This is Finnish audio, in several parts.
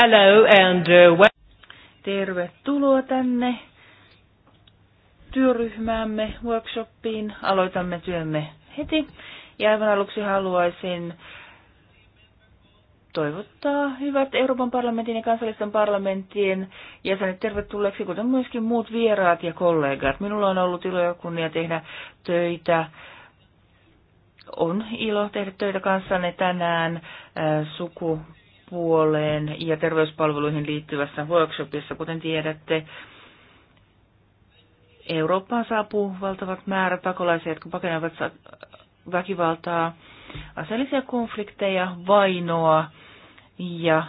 Hello and uh, well. Tervetuloa tänne työryhmäämme, workshoppiin. Aloitamme työmme heti. Ja aivan aluksi haluaisin toivottaa hyvät Euroopan parlamentin ja kansallisten parlamenttien jäsenet tervetulleeksi, kuten myöskin muut vieraat ja kollegat. Minulla on ollut ilo ja kunnia tehdä töitä. On ilo tehdä töitä kanssanne tänään äh, suku puoleen ja terveyspalveluihin liittyvässä workshopissa. Kuten tiedätte, Eurooppaan saapuu valtavat määrät pakolaisia, jotka pakenevat väkivaltaa, aseellisia konflikteja, vainoa ja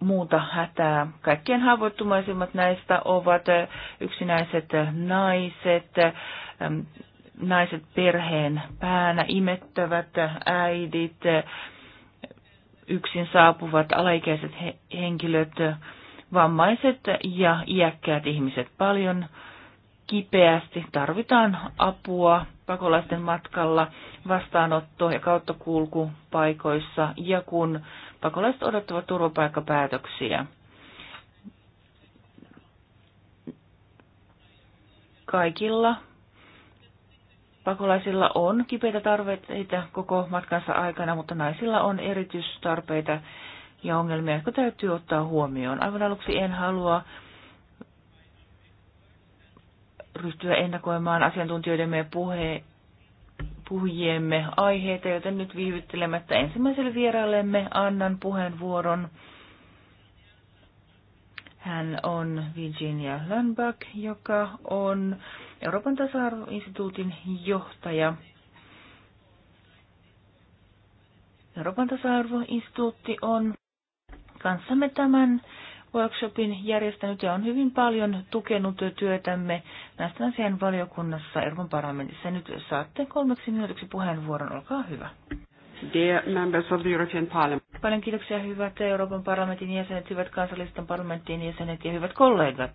muuta hätää. Kaikkien haavoittumaisimmat näistä ovat yksinäiset naiset, naiset perheen päänä, imettävät äidit, yksin saapuvat alaikäiset henkilöt, vammaiset ja iäkkäät ihmiset paljon kipeästi. Tarvitaan apua pakolaisten matkalla, vastaanotto- ja kauttakulkupaikoissa ja kun pakolaiset odottavat turvapaikkapäätöksiä. Kaikilla Pakolaisilla on kipeitä tarpeita koko matkansa aikana, mutta naisilla on erityistarpeita ja ongelmia, jotka täytyy ottaa huomioon. Aivan aluksi en halua ryhtyä ennakoimaan asiantuntijoidemme puhe, puhujiemme aiheita, joten nyt viivyttelemättä ensimmäiselle vieraillemme annan puheenvuoron. Hän on Virginia Lundback, joka on Euroopan tasa-arvoinstituutin johtaja. Euroopan tasa-arvoinstituutti on kanssamme tämän workshopin järjestänyt ja on hyvin paljon tukenut työtämme näistä asian valiokunnassa Euroopan parlamentissa. Nyt saatte kolmeksi minuutiksi puheenvuoron, olkaa hyvä. Dear members of the European Parliament. Paljon kiitoksia hyvät Euroopan parlamentin jäsenet, hyvät kansallisten parlamentin jäsenet ja hyvät kollegat.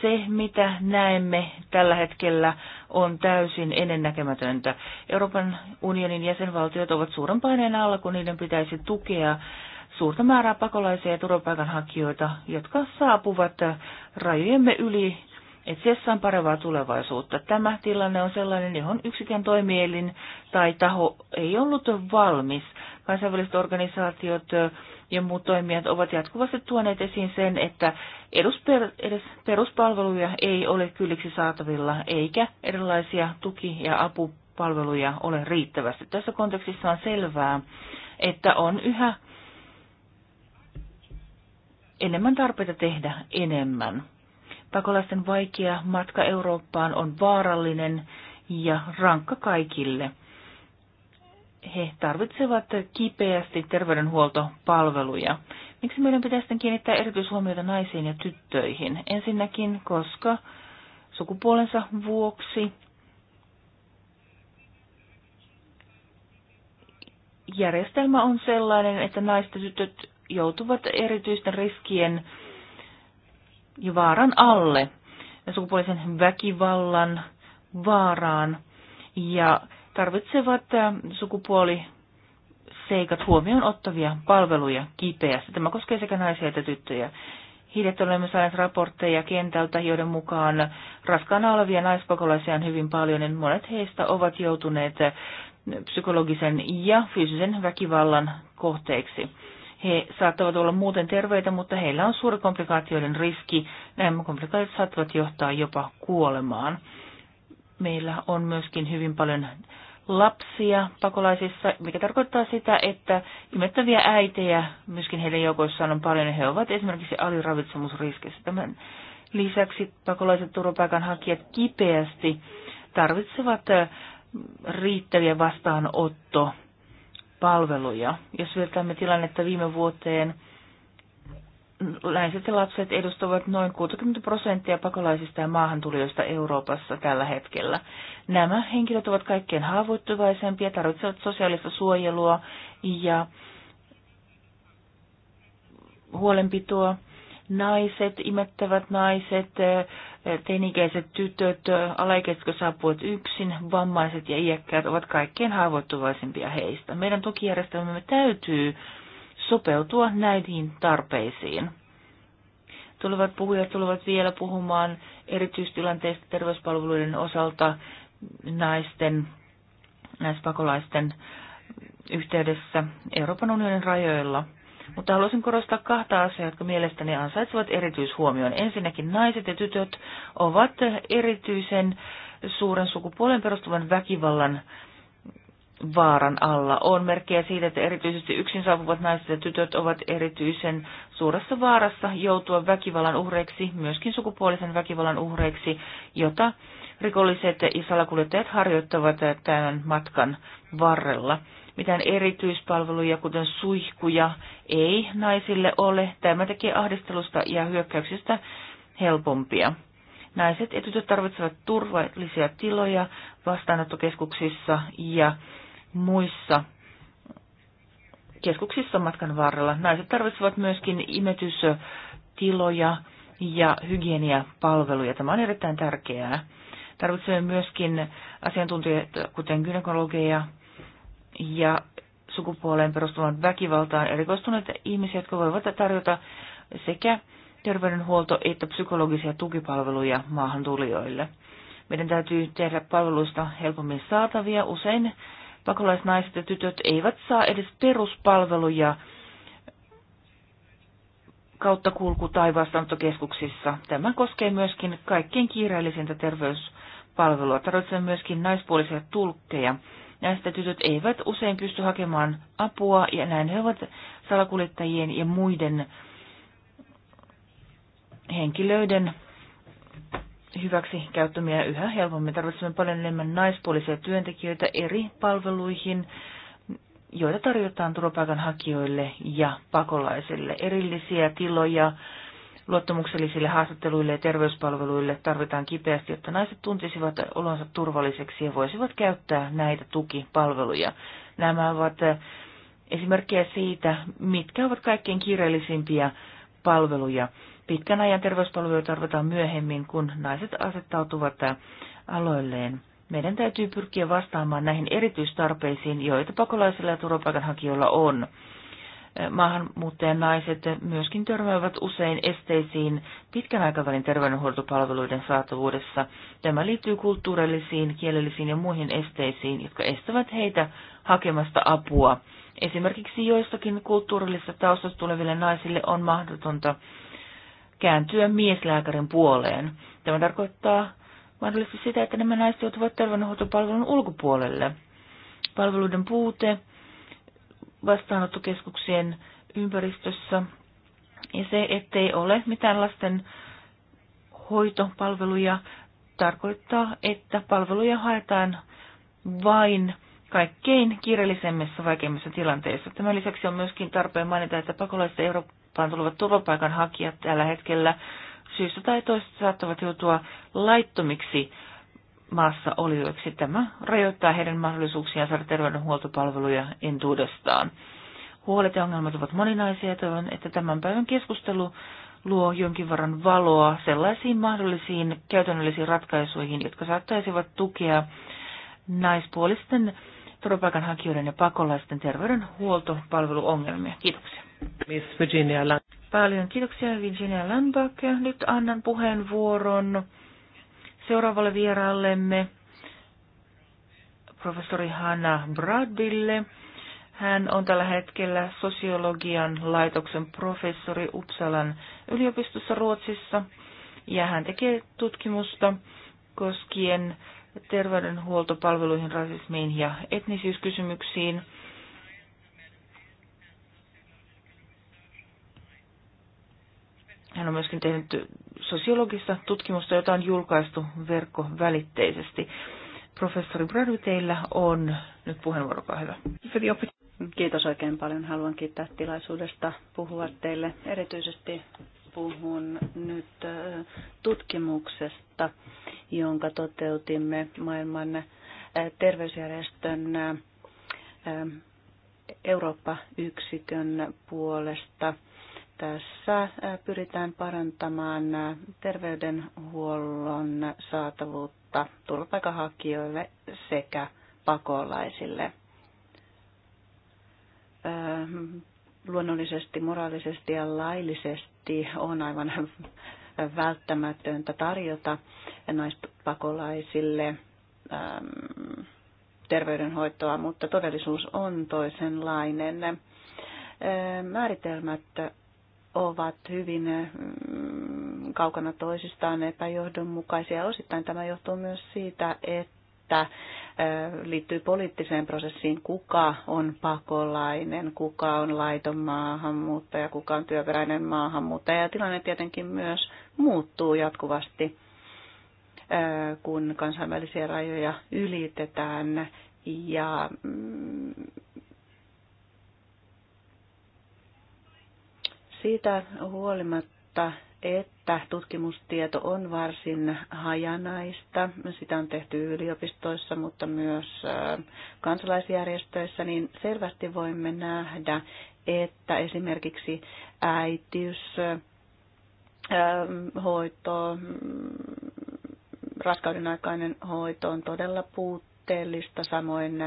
Se, mitä näemme tällä hetkellä, on täysin ennennäkemätöntä. Euroopan unionin jäsenvaltiot ovat suuren paineen alla, kun niiden pitäisi tukea suurta määrää pakolaisia ja turvapaikanhakijoita, jotka saapuvat rajojemme yli on parempaa tulevaisuutta. Tämä tilanne on sellainen, johon yksikään toimielin tai taho ei ollut valmis. Kansainväliset organisaatiot ja muut toimijat ovat jatkuvasti tuoneet esiin sen, että edes peruspalveluja ei ole kylliksi saatavilla, eikä erilaisia tuki- ja apupalveluja ole riittävästi. Tässä kontekstissa on selvää, että on yhä enemmän tarpeita tehdä enemmän. Pakolaisten vaikea matka Eurooppaan on vaarallinen ja rankka kaikille. He tarvitsevat kipeästi terveydenhuoltopalveluja. Miksi meidän pitäisi sitten kiinnittää erityishuomiota naisiin ja tyttöihin? Ensinnäkin, koska sukupuolensa vuoksi järjestelmä on sellainen, että naiset ja tytöt joutuvat erityisten riskien ja vaaran alle, sukupuolisen väkivallan vaaraan ja tarvitsevat äh, sukupuoli seikat huomioon ottavia palveluja kipeästi. Tämä koskee sekä naisia että tyttöjä. Hidet olemme saaneet raportteja kentältä, joiden mukaan raskaana olevia naispakolaisia on hyvin paljon, niin monet heistä ovat joutuneet psykologisen ja fyysisen väkivallan kohteeksi. He saattavat olla muuten terveitä, mutta heillä on suuri komplikaatioiden riski. Nämä komplikaatiot saattavat johtaa jopa kuolemaan. Meillä on myöskin hyvin paljon lapsia pakolaisissa, mikä tarkoittaa sitä, että imettäviä äitejä myöskin heidän joukoissaan on paljon he ovat esimerkiksi aliravitsemusriskissä. Tämän lisäksi pakolaiset turvapaikanhakijat kipeästi tarvitsevat äh, riittäviä vastaanotto palveluja. Jos vertaamme tilannetta viime vuoteen, naiset ja lapset edustavat noin 60 prosenttia pakolaisista ja maahantulijoista Euroopassa tällä hetkellä. Nämä henkilöt ovat kaikkein haavoittuvaisempia, tarvitsevat sosiaalista suojelua ja huolenpitoa naiset, imettävät naiset, teinikäiset tytöt, alaikäiset, jotka saapuvat yksin, vammaiset ja iäkkäät ovat kaikkein haavoittuvaisimpia heistä. Meidän tukijärjestelmämme täytyy sopeutua näihin tarpeisiin. Tulevat puhujat tulevat vielä puhumaan erityistilanteista terveyspalveluiden osalta naisten, naispakolaisten yhteydessä Euroopan unionin rajoilla – mutta haluaisin korostaa kahta asiaa, jotka mielestäni ansaitsevat erityishuomioon. Ensinnäkin naiset ja tytöt ovat erityisen suuren sukupuolen perustuvan väkivallan vaaran alla. On merkkejä siitä, että erityisesti yksin saapuvat naiset ja tytöt ovat erityisen suuressa vaarassa joutua väkivallan uhreiksi, myöskin sukupuolisen väkivallan uhreiksi, jota rikolliset ja salakuljettajat harjoittavat tämän matkan varrella mitään erityispalveluja, kuten suihkuja, ei naisille ole. Tämä tekee ahdistelusta ja hyökkäyksistä helpompia. Naiset ja tytöt tarvitsevat turvallisia tiloja vastaanottokeskuksissa ja muissa keskuksissa matkan varrella. Naiset tarvitsevat myöskin imetystiloja ja hygieniapalveluja. Tämä on erittäin tärkeää. Tarvitsemme myöskin asiantuntijoita, kuten gynekologeja, ja sukupuoleen perustuvan väkivaltaan erikoistuneita ihmisiä, jotka voivat tarjota sekä terveydenhuolto- että psykologisia tukipalveluja maahantulijoille. Meidän täytyy tehdä palveluista helpommin saatavia. Usein pakolaisnaiset ja tytöt eivät saa edes peruspalveluja kulku- tai vastaanottokeskuksissa. Tämä koskee myöskin kaikkein kiireellisintä terveyspalvelua. Tarvitsemme myöskin naispuolisia tulkkeja. Näistä tytöt eivät usein pysty hakemaan apua ja näin he ovat salakuljettajien ja muiden henkilöiden hyväksi käyttämiä yhä helpommin. Tarvitsemme paljon enemmän naispuolisia työntekijöitä eri palveluihin, joita tarjotaan turvapaikanhakijoille ja pakolaisille. Erillisiä tiloja, Luottamuksellisille haastatteluille ja terveyspalveluille tarvitaan kipeästi, jotta naiset tuntisivat olonsa turvalliseksi ja voisivat käyttää näitä tukipalveluja. Nämä ovat eh, esimerkkejä siitä, mitkä ovat kaikkein kiireellisimpiä palveluja. Pitkän ajan terveyspalveluja tarvitaan myöhemmin, kun naiset asettautuvat eh, aloilleen. Meidän täytyy pyrkiä vastaamaan näihin erityistarpeisiin, joita pakolaisilla ja turvapaikanhakijoilla on maahanmuuttajan naiset myöskin törmäävät usein esteisiin pitkän aikavälin terveydenhuoltopalveluiden saatavuudessa. Tämä liittyy kulttuurillisiin, kielellisiin ja muihin esteisiin, jotka estävät heitä hakemasta apua. Esimerkiksi joistakin kulttuurillisista taustasta tuleville naisille on mahdotonta kääntyä mieslääkärin puoleen. Tämä tarkoittaa mahdollisesti sitä, että nämä naiset joutuvat terveydenhuoltopalvelun ulkopuolelle. Palveluiden puute vastaanottokeskuksien ympäristössä. Ja se, ettei ole mitään lasten hoitopalveluja, tarkoittaa, että palveluja haetaan vain kaikkein kiireellisemmissä vaikeimmissa tilanteissa. Tämän lisäksi on myöskin tarpeen mainita, että pakolaiset Eurooppaan tulevat turvapaikanhakijat tällä hetkellä syystä tai toista saattavat joutua laittomiksi maassa olijoiksi. Tämä rajoittaa heidän mahdollisuuksiaan saada terveydenhuoltopalveluja entuudestaan. Huolet ja ongelmat ovat moninaisia ja toivon, että tämän päivän keskustelu luo jonkin verran valoa sellaisiin mahdollisiin käytännöllisiin ratkaisuihin, jotka saattaisivat tukea naispuolisten turvapaikanhakijoiden ja pakolaisten terveydenhuoltopalveluongelmia. Kiitoksia. Miss Virginia Paljon kiitoksia Virginia Landback. Nyt annan puheenvuoron seuraavalle vieraallemme, professori Hanna Bradille. Hän on tällä hetkellä sosiologian laitoksen professori Uppsalan yliopistossa Ruotsissa ja hän tekee tutkimusta koskien terveydenhuoltopalveluihin, rasismiin ja etnisyyskysymyksiin. Hän on myöskin tehnyt sosiologista tutkimusta, jota on julkaistu verkkovälitteisesti. Professori Brady, teillä on nyt puheenvuoro, hyvä. Kiitos oikein paljon. Haluan kiittää tilaisuudesta puhua teille. Erityisesti puhun nyt tutkimuksesta, jonka toteutimme maailman terveysjärjestön Eurooppa-yksikön puolesta – tässä pyritään parantamaan terveydenhuollon saatavuutta turvapaikanhakijoille sekä pakolaisille. Luonnollisesti, moraalisesti ja laillisesti on aivan välttämätöntä tarjota naispakolaisille terveydenhoitoa, mutta todellisuus on toisenlainen. Määritelmät ovat hyvin mm, kaukana toisistaan epäjohdonmukaisia. Osittain tämä johtuu myös siitä, että liittyy poliittiseen prosessiin, kuka on pakolainen, kuka on laiton maahanmuuttaja, kuka on työperäinen maahanmuuttaja. Ja tilanne tietenkin myös muuttuu jatkuvasti, kun kansainvälisiä rajoja ylitetään ja mm, Siitä huolimatta, että tutkimustieto on varsin hajanaista, sitä on tehty yliopistoissa, mutta myös kansalaisjärjestöissä, niin selvästi voimme nähdä, että esimerkiksi äitiys, hoito, raskauden aikainen hoito on todella puutteellista, samoin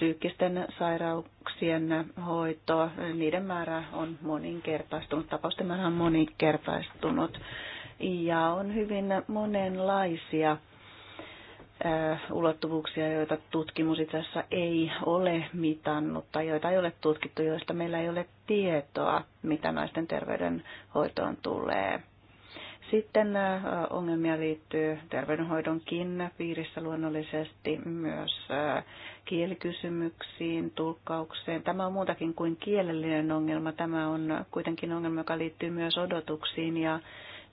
psyykkisten sairauksien hoito, niiden määrä on moninkertaistunut, tapausten määrä on moninkertaistunut ja on hyvin monenlaisia äh, ulottuvuuksia, joita tutkimus itse asiassa ei ole mitannut tai joita ei ole tutkittu, joista meillä ei ole tietoa, mitä naisten terveydenhoitoon tulee. Sitten ongelmia liittyy terveydenhoidonkin piirissä luonnollisesti myös kielikysymyksiin, tulkkaukseen. Tämä on muutakin kuin kielellinen ongelma. Tämä on kuitenkin ongelma, joka liittyy myös odotuksiin ja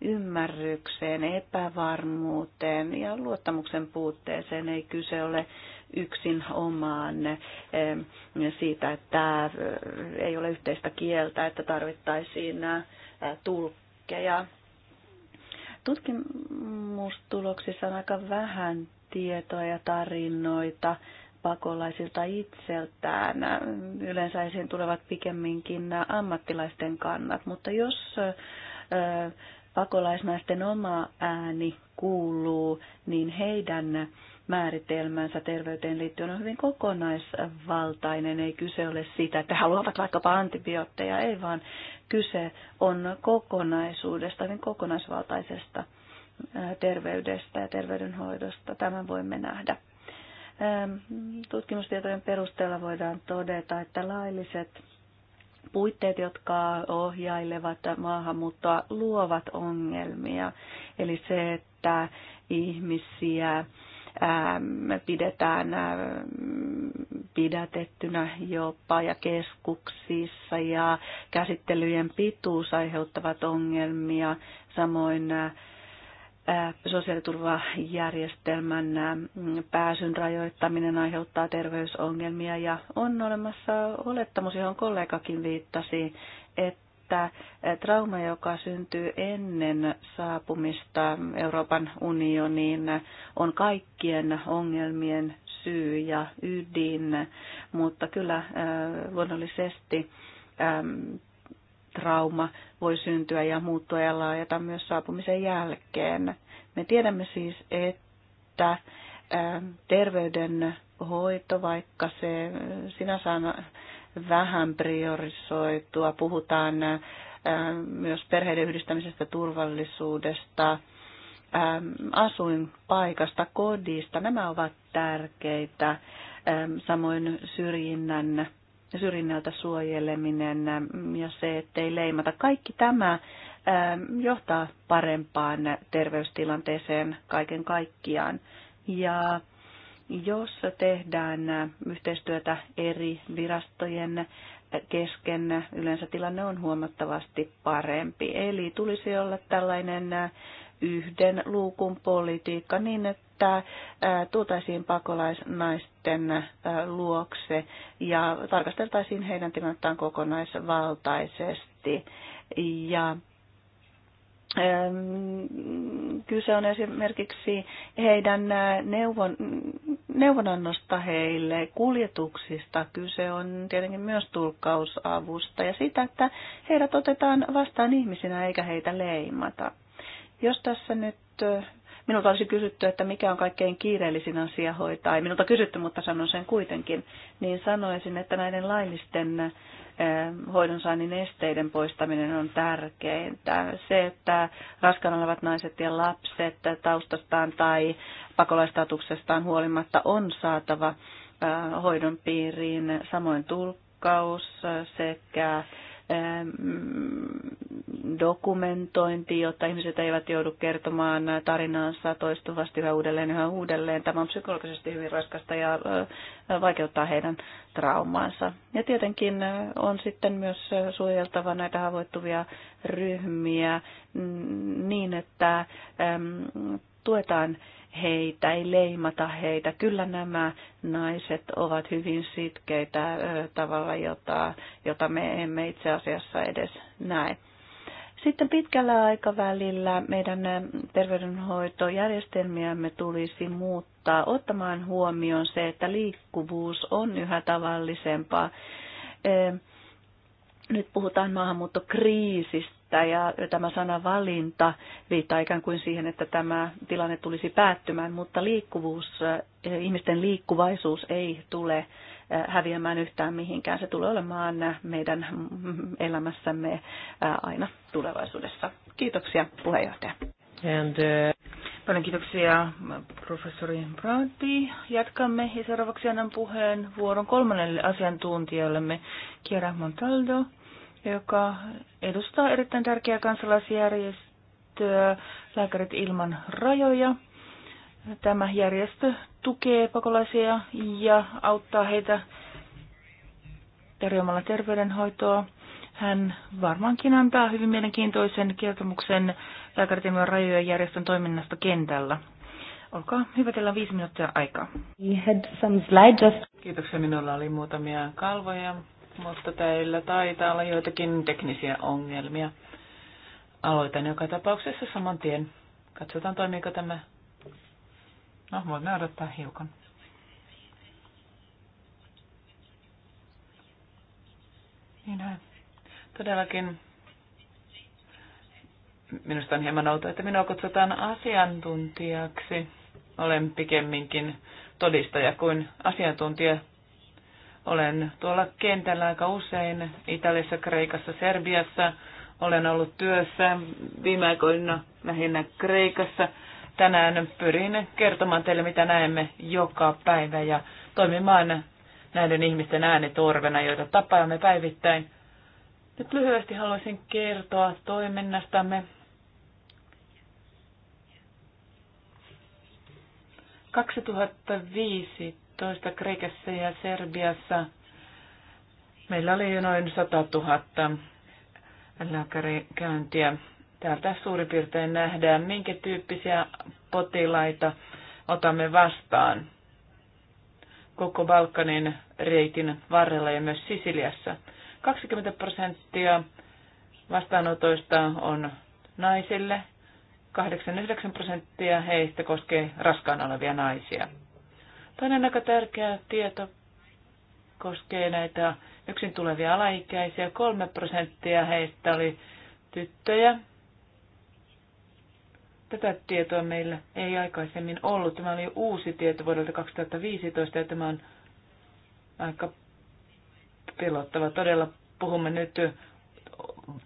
ymmärrykseen, epävarmuuteen ja luottamuksen puutteeseen. Ei kyse ole yksin omaan siitä, että ei ole yhteistä kieltä, että tarvittaisiin tulkkeja Tutkimustuloksissa on aika vähän tietoa ja tarinoita pakolaisilta itseltään. Yleensä esiin tulevat pikemminkin ammattilaisten kannat, mutta jos pakolaisnaisten oma ääni kuuluu, niin heidän määritelmänsä terveyteen liittyen on hyvin kokonaisvaltainen. Ei kyse ole siitä, että haluavat vaikkapa antibiootteja, ei vaan kyse on kokonaisuudesta, hyvin kokonaisvaltaisesta terveydestä ja terveydenhoidosta. Tämän voimme nähdä. Tutkimustietojen perusteella voidaan todeta, että lailliset puitteet, jotka ohjailevat maahanmuuttoa, luovat ongelmia. Eli se, että ihmisiä Ähm, pidetään ähm, pidätettynä jopa ja keskuksissa ja käsittelyjen pituus aiheuttavat ongelmia, samoin äh, sosiaaliturvajärjestelmän ähm, pääsyn rajoittaminen aiheuttaa terveysongelmia ja on olemassa olettamus, johon kollegakin viittasi, että että eh, trauma, joka syntyy ennen saapumista Euroopan unioniin, on kaikkien ongelmien syy ja ydin, mutta kyllä eh, luonnollisesti ehm, trauma voi syntyä ja muuttua ja laajata myös saapumisen jälkeen. Me tiedämme siis, että eh, terveydenhoito, vaikka se sinänsä vähän priorisoitua. Puhutaan myös perheiden yhdistämisestä, turvallisuudesta, asuinpaikasta, kodista. Nämä ovat tärkeitä. Samoin syrjinnän, syrjinnältä suojeleminen ja se, ettei leimata. Kaikki tämä johtaa parempaan terveystilanteeseen kaiken kaikkiaan. Ja jossa tehdään yhteistyötä eri virastojen kesken, yleensä tilanne on huomattavasti parempi. Eli tulisi olla tällainen yhden luukun politiikka niin, että tuotaisiin pakolaisnaisten luokse ja tarkasteltaisiin heidän tilannettaan kokonaisvaltaisesti. Ja Kyse on esimerkiksi heidän neuvon, neuvonannosta heille, kuljetuksista. Kyse on tietenkin myös tulkkausavusta ja sitä, että heidät otetaan vastaan ihmisinä eikä heitä leimata. Jos tässä nyt Minulta olisi kysytty, että mikä on kaikkein kiireellisin asia hoitaa. Ei minulta kysytty, mutta sanon sen kuitenkin. Niin sanoisin, että näiden laillisten eh, hoidonsaannin esteiden poistaminen on tärkeintä. Se, että raskaana olevat naiset ja lapset taustastaan tai pakolaistatuksestaan huolimatta on saatava eh, hoidon piiriin, samoin tulkkaus sekä dokumentointi, jotta ihmiset eivät joudu kertomaan tarinaansa toistuvasti yhä uudelleen yhä uudelleen. Tämä on psykologisesti hyvin raskasta ja vaikeuttaa heidän traumaansa. Ja tietenkin on sitten myös suojeltava näitä haavoittuvia ryhmiä mm, niin, että tuetaan heitä, ei leimata heitä. Kyllä nämä naiset ovat hyvin sitkeitä tavalla, jota, jota me emme itse asiassa edes näe. Sitten pitkällä aikavälillä meidän terveydenhoitojärjestelmiämme tulisi muuttaa ottamaan huomioon se, että liikkuvuus on yhä tavallisempaa. Nyt puhutaan maahanmuuttokriisistä että ja tämä sana valinta viittaa ikään kuin siihen, että tämä tilanne tulisi päättymään, mutta liikkuvuus, eh, ihmisten liikkuvaisuus ei tule eh, häviämään yhtään mihinkään. Se tulee olemaan meidän elämässämme eh, aina tulevaisuudessa. Kiitoksia puheenjohtaja. And, uh... Paljon kiitoksia professori Brantti. Jatkamme ja seuraavaksi annan puheen vuoron kolmannelle asiantuntijallemme, Kiera Montaldo joka edustaa erittäin tärkeää kansalaisjärjestöä Lääkärit ilman rajoja. Tämä järjestö tukee pakolaisia ja auttaa heitä tarjoamalla terveydenhoitoa. Hän varmaankin antaa hyvin mielenkiintoisen kertomuksen Lääkärit ilman rajoja järjestön toiminnasta kentällä. Olkaa hyvä, teillä on viisi minuuttia aikaa. some Kiitoksia, minulla oli muutamia kalvoja mutta teillä taitaa olla joitakin teknisiä ongelmia. Aloitan joka tapauksessa saman tien. Katsotaan toimiiko tämä. No, voimme odottaa hiukan. Niinhän. Todellakin minusta on hieman outoa, että minua kutsutaan asiantuntijaksi. Olen pikemminkin todistaja kuin asiantuntija olen tuolla kentällä aika usein Italiassa, Kreikassa, Serbiassa. Olen ollut työssä viime aikoina lähinnä Kreikassa. Tänään pyrin kertomaan teille, mitä näemme joka päivä ja toimimaan näiden ihmisten äänetorvena, joita tapaamme päivittäin. Nyt lyhyesti haluaisin kertoa toiminnastamme. 2005 2011 Kreikassa ja Serbiassa meillä oli noin 100 000 lääkärikäyntiä. Täältä suurin piirtein nähdään, minkä tyyppisiä potilaita otamme vastaan koko Balkanin reitin varrella ja myös Sisiliassa. 20 prosenttia vastaanotoista on naisille, 8-9 prosenttia heistä koskee raskaana olevia naisia. Toinen aika tärkeä tieto koskee näitä yksin tulevia alaikäisiä. Kolme prosenttia heistä oli tyttöjä. Tätä tietoa meillä ei aikaisemmin ollut. Tämä oli uusi tieto vuodelta 2015 ja tämä on aika pelottava. Todella puhumme nyt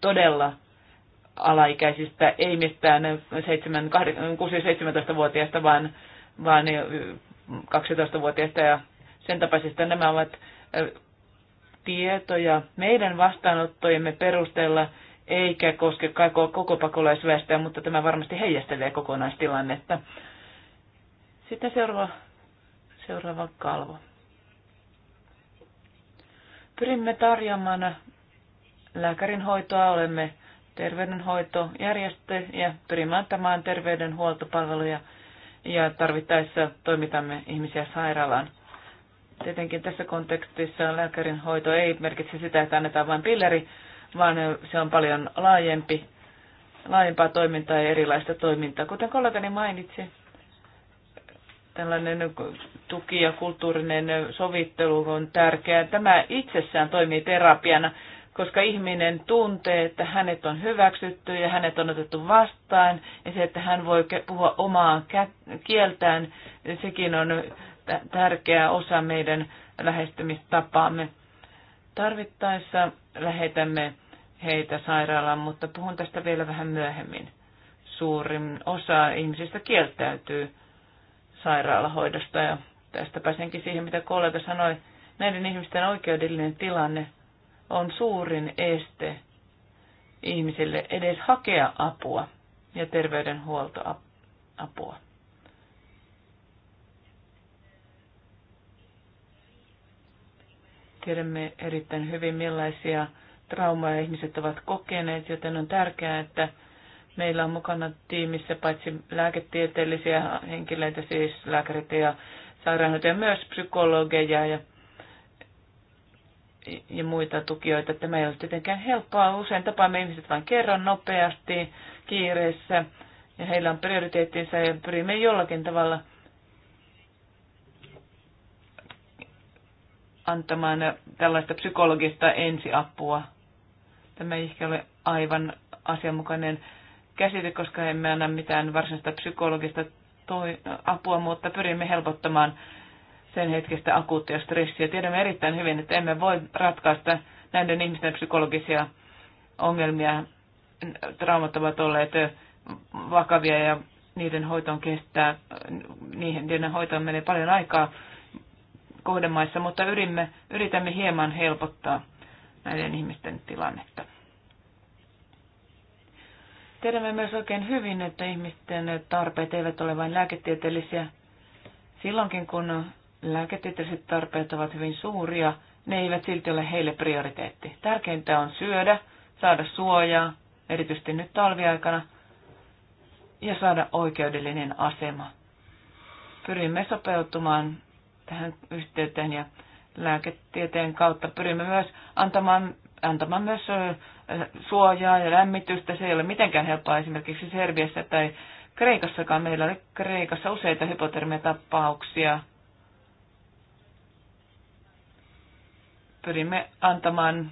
todella alaikäisistä, ei mistään 6-17-vuotiaista, vaan, vaan 12-vuotiaista ja sen tapaisista. Nämä ovat tietoja meidän vastaanottojemme perusteella, eikä koske koko, koko pakolaisväestöä, mutta tämä varmasti heijastelee kokonaistilannetta. Sitten seuraava, seuraava kalvo. Pyrimme tarjoamaan lääkärin hoitoa, olemme terveydenhoitojärjestö ja pyrimme antamaan terveydenhuoltopalveluja – ja tarvittaessa toimitamme ihmisiä sairaalaan. Tietenkin tässä kontekstissa lääkärin hoito ei merkitse sitä, että annetaan vain pilleri, vaan se on paljon laajempi, laajempaa toimintaa ja erilaista toimintaa. Kuten kollegani mainitsi, tällainen tuki ja kulttuurinen sovittelu on tärkeää. Tämä itsessään toimii terapiana koska ihminen tuntee, että hänet on hyväksytty ja hänet on otettu vastaan, ja se, että hän voi puhua omaa kieltään, sekin on tärkeä osa meidän lähestymistapaamme. Tarvittaessa lähetämme heitä sairaalaan, mutta puhun tästä vielä vähän myöhemmin. Suurin osa ihmisistä kieltäytyy sairaalahoidosta ja tästä pääsenkin siihen, mitä kollega sanoi. Näiden ihmisten oikeudellinen tilanne on suurin este ihmisille edes hakea apua ja terveydenhuoltoapua. Tiedämme erittäin hyvin, millaisia traumaa ihmiset ovat kokeneet, joten on tärkeää, että meillä on mukana tiimissä paitsi lääketieteellisiä henkilöitä, siis lääkärit ja sairaanhoitajia, myös psykologeja ja ja muita tukijoita. Tämä ei ole tietenkään helppoa. Usein tapaamme ihmiset vain kerran nopeasti, kiireessä, ja heillä on prioriteettinsa ja pyrimme jollakin tavalla antamaan tällaista psykologista ensiapua. Tämä ei ehkä ole aivan asianmukainen käsite, koska emme anna mitään varsinaista psykologista apua, mutta pyrimme helpottamaan sen hetkistä akuuttia stressiä. Tiedämme erittäin hyvin, että emme voi ratkaista näiden ihmisten psykologisia ongelmia. Traumat ovat olleet vakavia ja niiden hoitoon kestää, niiden hoitoon menee paljon aikaa kohdemaissa, mutta yrimme, yritämme hieman helpottaa näiden ihmisten tilannetta. Tiedämme myös oikein hyvin, että ihmisten tarpeet eivät ole vain lääketieteellisiä. Silloinkin kun lääketieteelliset tarpeet ovat hyvin suuria, ne eivät silti ole heille prioriteetti. Tärkeintä on syödä, saada suojaa, erityisesti nyt talviaikana, ja saada oikeudellinen asema. Pyrimme sopeutumaan tähän yhteyteen ja lääketieteen kautta pyrimme myös antamaan, antamaan myös suojaa ja lämmitystä. Se ei ole mitenkään helppoa esimerkiksi Serbiassa tai Kreikassakaan. Meillä oli Kreikassa useita hypotermiatapauksia pyrimme antamaan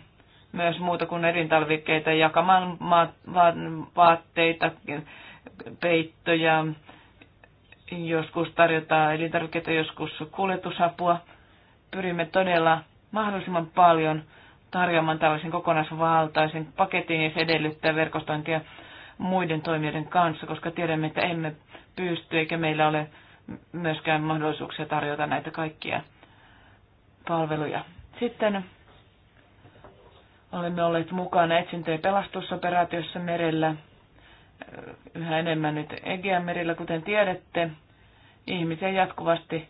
myös muuta kuin elintarvikkeita, jakamaan vaatteita, peittoja, joskus tarjotaan elintarvikkeita, joskus kuljetusapua. Pyrimme todella mahdollisimman paljon tarjoamaan tällaisen kokonaisvaltaisen paketin ja se edellyttää verkostointia muiden toimijoiden kanssa, koska tiedämme, että emme pysty eikä meillä ole myöskään mahdollisuuksia tarjota näitä kaikkia palveluja. Sitten olemme olleet mukana etsintä- ja pelastusoperaatiossa merellä, yhä enemmän nyt Egean merillä, kuten tiedätte. Ihmisiä jatkuvasti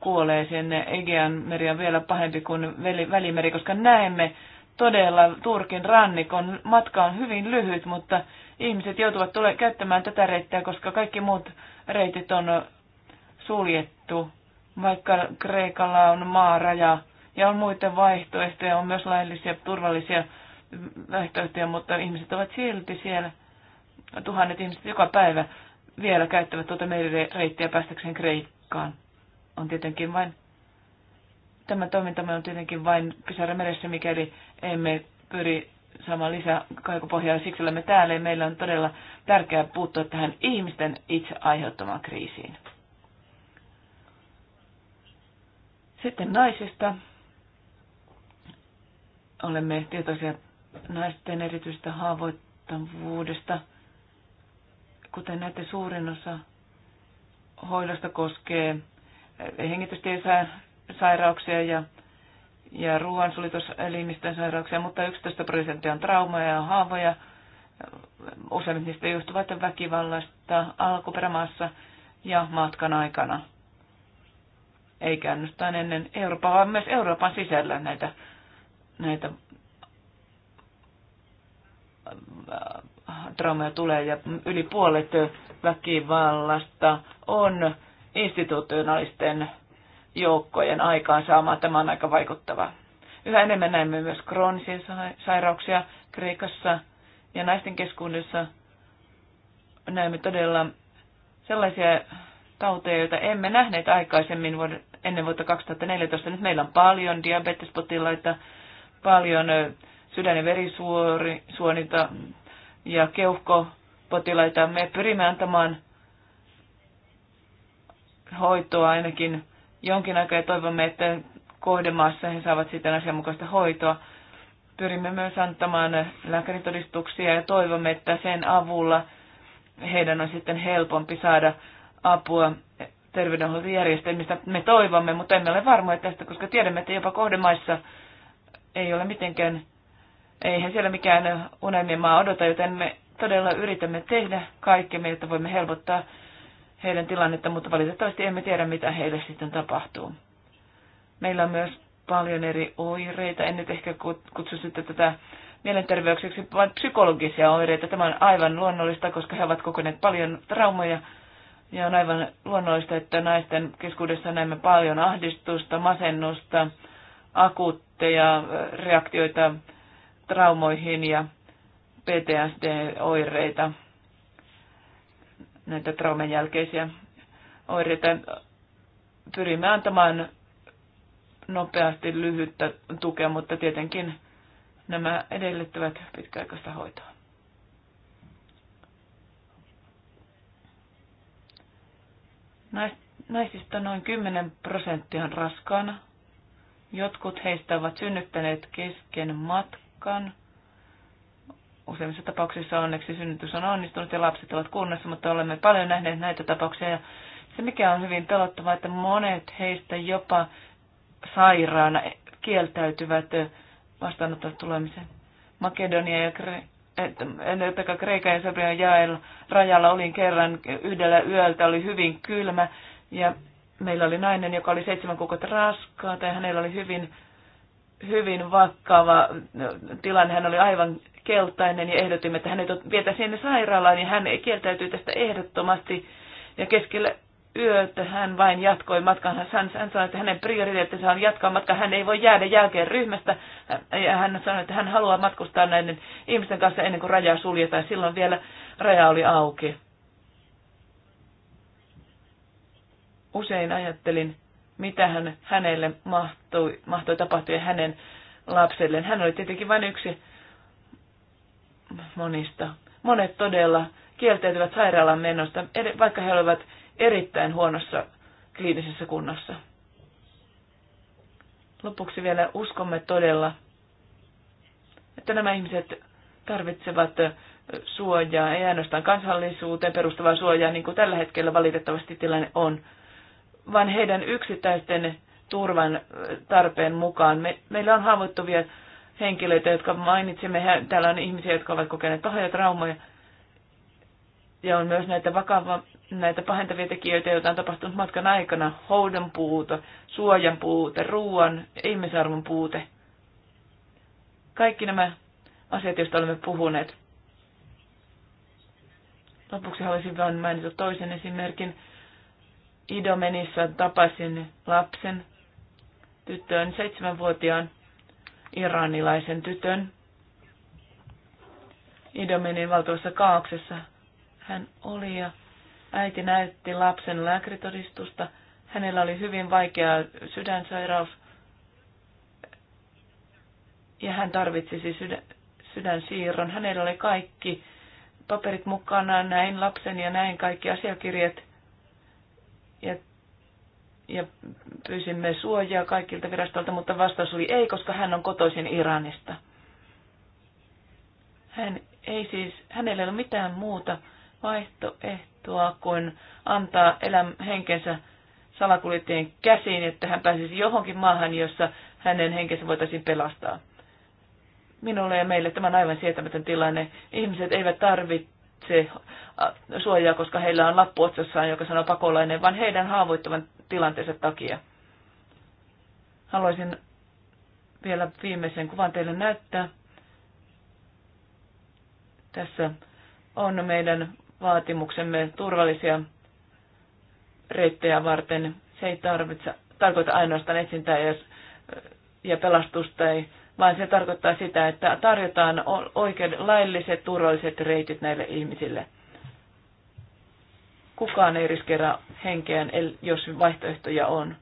kuolee sinne. Egean meri on vielä pahempi kuin välimeri, koska näemme todella Turkin rannikon. Matka on hyvin lyhyt, mutta ihmiset joutuvat tule- käyttämään tätä reittiä, koska kaikki muut reitit on suljettu vaikka Kreikalla on maaraja ja on muita vaihtoehtoja, on myös laillisia turvallisia vaihtoehtoja, mutta ihmiset ovat silti siellä, tuhannet ihmiset joka päivä vielä käyttävät tuota merireittiä päästäkseen Kreikkaan. On tietenkin vain, tämä toimintamme on tietenkin vain pisara meressä, mikäli emme pyri saamaan lisää kaikopohjaa. Siksi olemme täällä ja meillä on todella tärkeää puuttua tähän ihmisten itse aiheuttamaan kriisiin. Sitten naisista. Olemme tietoisia naisten erityistä haavoittavuudesta. Kuten näette, suurin osa hoidosta koskee eh, sairauksia ja, ja ruoansulituselimistön sairauksia, mutta 11 prosenttia on traumaa ja haavoja. Useimmat niistä johtuvat väkivallasta alkuperämaassa ja matkan aikana eikä ainoastaan ennen Eurooppaa, vaan myös Euroopan sisällä näitä, näitä äh, traumaja tulee ja yli puolet väkivallasta on institutionaalisten joukkojen aikaansaamaa. Tämä on aika vaikuttava. Yhä enemmän näemme myös kroonisia sairauksia Kreikassa ja naisten keskuudessa. Näemme todella sellaisia tauteja, joita emme nähneet aikaisemmin ennen vuotta 2014. Nyt meillä on paljon diabetespotilaita, paljon sydän- ja verisuonita ja keuhkopotilaita. Me pyrimme antamaan hoitoa ainakin jonkin aikaa ja toivomme, että kohdemaassa he saavat sitten asianmukaista hoitoa. Pyrimme myös antamaan lääkäritodistuksia ja toivomme, että sen avulla heidän on sitten helpompi saada apua terveydenhuoltojärjestelmistä me toivomme, mutta emme ole varmoja tästä, koska tiedämme, että jopa kohdemaissa ei ole mitenkään, eihän siellä mikään unelmien maa odota, joten me todella yritämme tehdä kaikkemme, jotta voimme helpottaa heidän tilannetta, mutta valitettavasti emme tiedä, mitä heille sitten tapahtuu. Meillä on myös paljon eri oireita, en nyt ehkä kutsu sitten tätä mielenterveykseksi, vaan psykologisia oireita. Tämä on aivan luonnollista, koska he ovat kokeneet paljon traumoja ja on aivan luonnollista, että naisten keskuudessa näemme paljon ahdistusta, masennusta, akuutteja reaktioita traumoihin ja PTSD-oireita, näitä trauman jälkeisiä oireita. Pyrimme antamaan nopeasti lyhyttä tukea, mutta tietenkin nämä edellyttävät pitkäaikaista hoitoa. Naisista noin 10 prosenttia on raskaana. Jotkut heistä ovat synnyttäneet kesken matkan. Useimmissa tapauksissa onneksi synnytys on onnistunut ja lapset ovat kunnossa, mutta olemme paljon nähneet näitä tapauksia. Ja se mikä on hyvin pelottavaa, että monet heistä jopa sairaana kieltäytyvät vastaanottaa tulemisen. Makedonia ja että Kreikan ja Serbian jaen rajalla olin kerran yhdellä yöltä, oli hyvin kylmä ja meillä oli nainen, joka oli seitsemän kuukautta raskaa tai hänellä oli hyvin, hyvin vakava no, tilanne, hän oli aivan keltainen ja ehdotimme, että hänet vietäisiin sairaalaan ja hän kieltäytyi tästä ehdottomasti ja keskellä yötä. Hän vain jatkoi matkan. Hän, hän sanoi, että hänen prioriteettinsa on jatkaa matkaa. Hän ei voi jäädä jälkeen ryhmästä. Ja hän sanoi, että hän haluaa matkustaa näiden ihmisten kanssa ennen kuin rajaa suljetaan. Silloin vielä raja oli auki. Usein ajattelin, mitä hän, hänelle mahtui, mahtoi tapahtua hänen lapselleen. Hän oli tietenkin vain yksi monista. Monet todella kieltäytyvät sairaalan menosta, vaikka he olivat erittäin huonossa kliinisessä kunnossa. Lopuksi vielä uskomme todella, että nämä ihmiset tarvitsevat suojaa, ei ainoastaan kansallisuuteen perustuvaa suojaa, niin kuin tällä hetkellä valitettavasti tilanne on, vaan heidän yksittäisten turvan tarpeen mukaan. Me, meillä on haavoittuvia henkilöitä, jotka mainitsimme. Täällä on ihmisiä, jotka ovat kokeneet pahoja traumoja, ja on myös näitä vakava, näitä pahentavia tekijöitä, joita on tapahtunut matkan aikana. Houdon puute, suojan puute, ruoan, ihmisarvon puute. Kaikki nämä asiat, joista olemme puhuneet. Lopuksi haluaisin vain mainita toisen esimerkin. Idomenissa tapasin lapsen, tytön, seitsemänvuotiaan iranilaisen tytön. Idomenin valtuussa kaaksessa hän oli ja äiti näytti lapsen lääkäritodistusta. Hänellä oli hyvin vaikea sydänsairaus ja hän tarvitsisi sydän, sydänsiirron. Hänellä oli kaikki paperit mukana, näin lapsen ja näin kaikki asiakirjat. Ja, ja pyysimme suojaa kaikilta virastolta, mutta vastaus oli ei, koska hän on kotoisin Iranista. Hän ei siis, hänellä ei ole mitään muuta vaihtoehtoa kuin antaa eläm henkensä salakuljettajien käsiin, että hän pääsisi johonkin maahan, jossa hänen henkensä voitaisiin pelastaa. Minulle ja meille tämä on aivan sietämätön tilanne. Ihmiset eivät tarvitse suojaa, koska heillä on lappu otsassaan, joka sanoo pakolainen, vaan heidän haavoittuvan tilanteensa takia. Haluaisin vielä viimeisen kuvan teille näyttää. Tässä on meidän vaatimuksemme turvallisia reittejä varten. Se ei tarvitse, tarkoita ainoastaan etsintää ja, ja pelastusta, ei, vaan se tarkoittaa sitä, että tarjotaan oikein lailliset, turvalliset reitit näille ihmisille. Kukaan ei riskeerä henkeään, jos vaihtoehtoja on.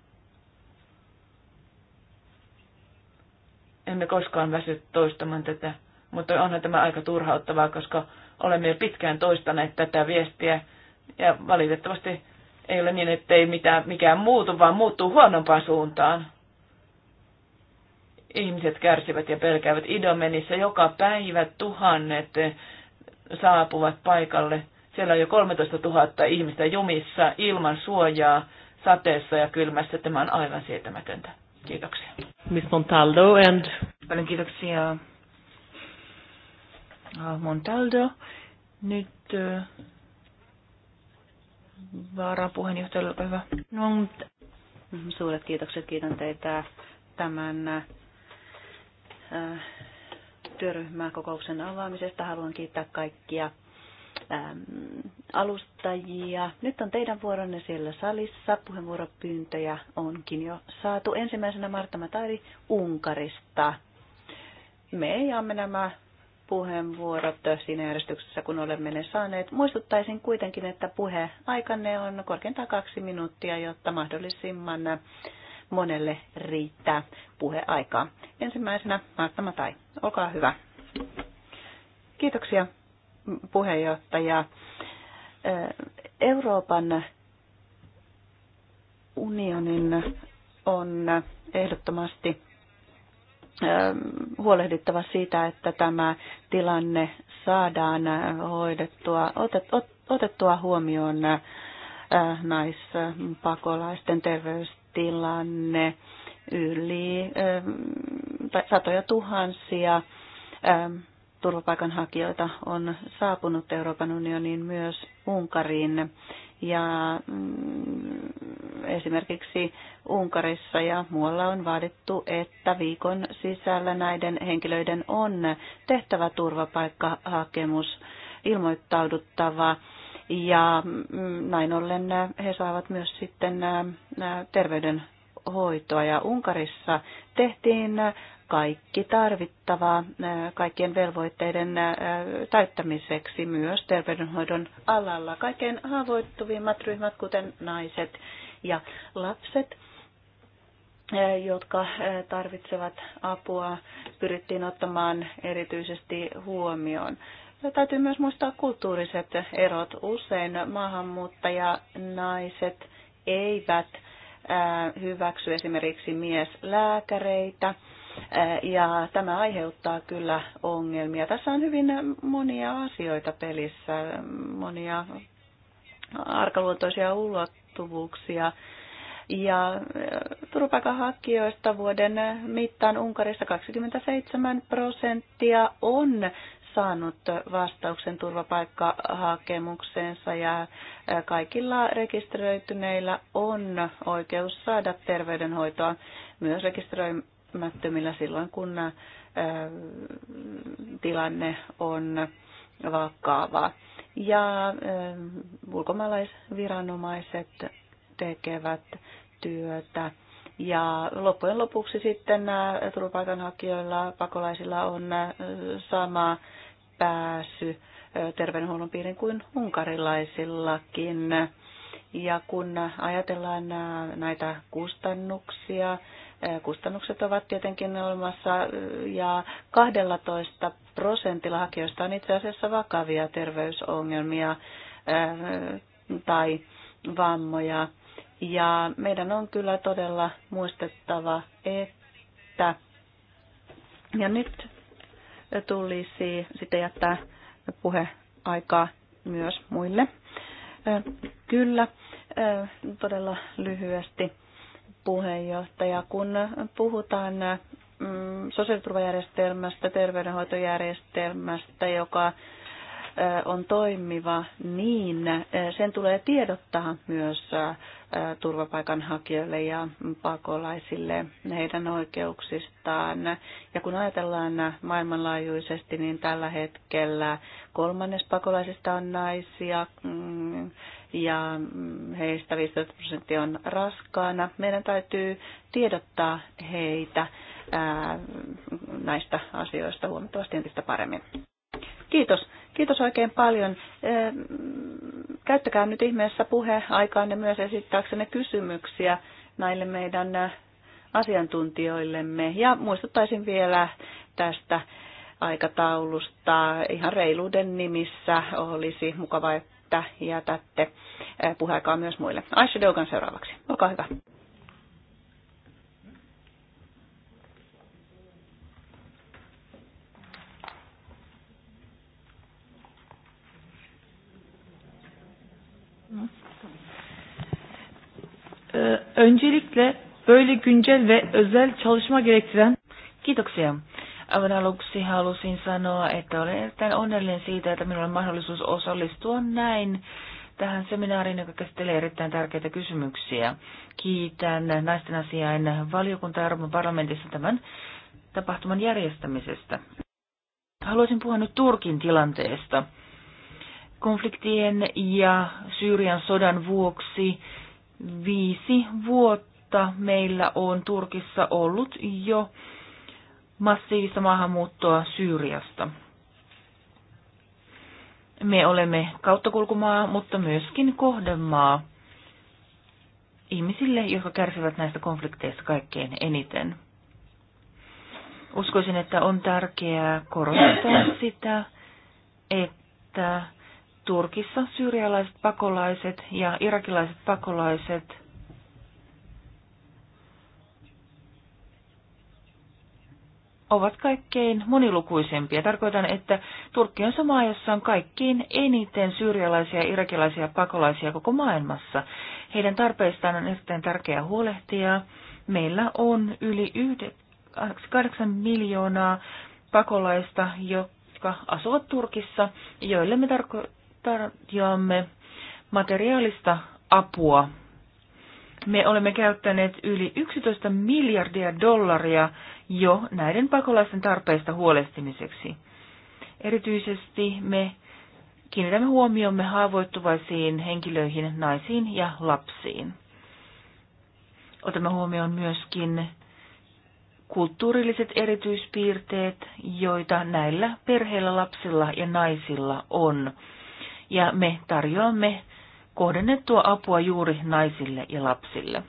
Emme koskaan väsy toistamaan tätä, mutta onhan tämä aika turhauttavaa, koska Olemme jo pitkään toistaneet tätä viestiä ja valitettavasti ei ole niin, että ei mitään, mikään muutu, vaan muuttuu huonompaan suuntaan. Ihmiset kärsivät ja pelkäävät. Idomenissa joka päivä tuhannet saapuvat paikalle. Siellä on jo 13 000 ihmistä jumissa, ilman suojaa, sateessa ja kylmässä. Tämä on aivan sietämätöntä. Kiitoksia. Miss Montaldo and... Paljon kiitoksia Ah, Montaldo. Nyt varapuheenjohtaja, olkaa hyvä. No, suuret kiitokset, kiitän teitä tämän äh, työryhmäkokouksen avaamisesta. Haluan kiittää kaikkia alustajia. Nyt on teidän vuoronne siellä salissa. Puheenvuoropyyntöjä onkin jo saatu. Ensimmäisenä Martta Matari Unkarista. Me jaamme nämä puheenvuorot siinä järjestyksessä, kun olemme ne saaneet. Muistuttaisin kuitenkin, että puhe aikanne on korkeintaan kaksi minuuttia, jotta mahdollisimman monelle riittää puheaikaa. Ensimmäisenä Martta Matai, olkaa hyvä. Kiitoksia puheenjohtaja. Euroopan unionin on ehdottomasti Ähm, huolehdittava siitä, että tämä tilanne saadaan äh, hoidettua, otettua huomioon äh, naispakolaisten terveystilanne yli ähm, satoja tuhansia ähm, turvapaikanhakijoita on saapunut Euroopan unioniin myös Unkariin ja mm, esimerkiksi Unkarissa ja muualla on vaadittu, että viikon sisällä näiden henkilöiden on tehtävä turvapaikkahakemus ilmoittauduttava ja mm, näin ollen äh, he saavat myös sitten äh, äh, terveydenhoitoa ja Unkarissa tehtiin kaikki tarvittava kaikkien velvoitteiden täyttämiseksi myös terveydenhoidon alalla. Kaikkein haavoittuvimmat ryhmät, kuten naiset ja lapset, jotka tarvitsevat apua, pyrittiin ottamaan erityisesti huomioon. Ja täytyy myös muistaa kulttuuriset erot. Usein maahanmuuttajanaiset eivät hyväksy esimerkiksi mieslääkäreitä – ja tämä aiheuttaa kyllä ongelmia. Tässä on hyvin monia asioita pelissä, monia arkaluontoisia ulottuvuuksia. Ja turvapaikanhakijoista vuoden mittaan Unkarissa 27 prosenttia on saanut vastauksen turvapaikkahakemukseensa ja kaikilla rekisteröityneillä on oikeus saada terveydenhoitoa myös rekisteröityneillä välttämättömillä silloin, kun tilanne on vakava. Ja ulkomaalaisviranomaiset tekevät työtä. Ja loppujen lopuksi sitten turvapaikanhakijoilla, pakolaisilla on sama pääsy terveydenhuollon piirin kuin unkarilaisillakin. Ja kun ajatellaan näitä kustannuksia, Kustannukset ovat tietenkin olemassa ja 12 prosentilla hakijoista on itse asiassa vakavia terveysongelmia tai vammoja. Ja meidän on kyllä todella muistettava, että ja nyt tulisi sitten jättää puheaikaa myös muille. Kyllä, todella lyhyesti puheenjohtaja. Kun puhutaan mm, sosiaaliturvajärjestelmästä, terveydenhoitojärjestelmästä, joka on toimiva, niin sen tulee tiedottaa myös turvapaikanhakijoille ja pakolaisille heidän oikeuksistaan. Ja kun ajatellaan maailmanlaajuisesti, niin tällä hetkellä kolmannes pakolaisista on naisia mm, ja heistä 15 prosenttia on raskaana. Meidän täytyy tiedottaa heitä näistä asioista huomattavasti entistä paremmin. Kiitos. Kiitos oikein paljon. Käyttäkää nyt ihmeessä puheaikaanne myös esittääksenne kysymyksiä näille meidän asiantuntijoillemme. Ja muistuttaisin vielä tästä aikataulusta ihan reiluuden nimissä olisi mukava, että jätätte puheaikaa myös muille. Aisha Dogan seuraavaksi. Olkaa hyvä. e, öncelikle böyle güncel ve özel çalışma gerektiren... Kiitoksia. Aivan aluksi halusin sanoa, että olen erittäin onnellinen siitä, että minulla on mahdollisuus osallistua näin tähän seminaariin, joka käsittelee erittäin tärkeitä kysymyksiä. Kiitän naisten asiain valiokunta Euroopan parlamentissa tämän tapahtuman järjestämisestä. Haluaisin puhua nyt Turkin tilanteesta. Konfliktien ja Syyrian sodan vuoksi viisi vuotta meillä on Turkissa ollut jo massiivista maahanmuuttoa Syyriasta. Me olemme kauttakulkumaa, mutta myöskin kohdemaa ihmisille, jotka kärsivät näistä konflikteista kaikkein eniten. Uskoisin, että on tärkeää korostaa sitä, että Turkissa syyrialaiset pakolaiset ja irakilaiset pakolaiset ovat kaikkein monilukuisempia. Tarkoitan, että Turkki on maa, jossa on kaikkiin eniten syyrialaisia ja irakilaisia pakolaisia koko maailmassa. Heidän tarpeistaan on erittäin tärkeää huolehtia. Meillä on yli 8 miljoonaa pakolaista, jotka asuvat Turkissa, joille me tarko- tarjoamme materiaalista apua. Me olemme käyttäneet yli 11 miljardia dollaria jo näiden pakolaisten tarpeista huolehtimiseksi. Erityisesti me kiinnitämme huomiomme haavoittuvaisiin henkilöihin, naisiin ja lapsiin. Otamme huomioon myöskin kulttuurilliset erityispiirteet, joita näillä perheillä, lapsilla ja naisilla on ja me tarjoamme kohdennettua apua juuri naisille ja lapsille.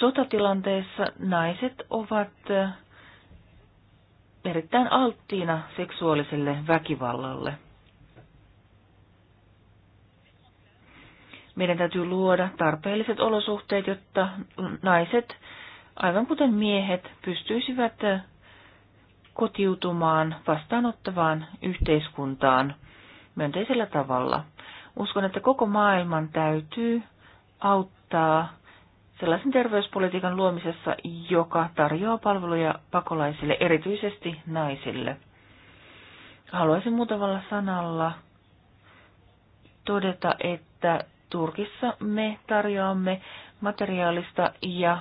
Sotatilanteessa naiset ovat erittäin alttiina seksuaaliselle väkivallalle. Meidän täytyy luoda tarpeelliset olosuhteet, jotta naiset, aivan kuten miehet, pystyisivät kotiutumaan vastaanottavaan yhteiskuntaan myönteisellä tavalla. Uskon, että koko maailman täytyy auttaa sellaisen terveyspolitiikan luomisessa, joka tarjoaa palveluja pakolaisille, erityisesti naisille. Haluaisin muutamalla sanalla todeta, että Turkissa me tarjoamme materiaalista ja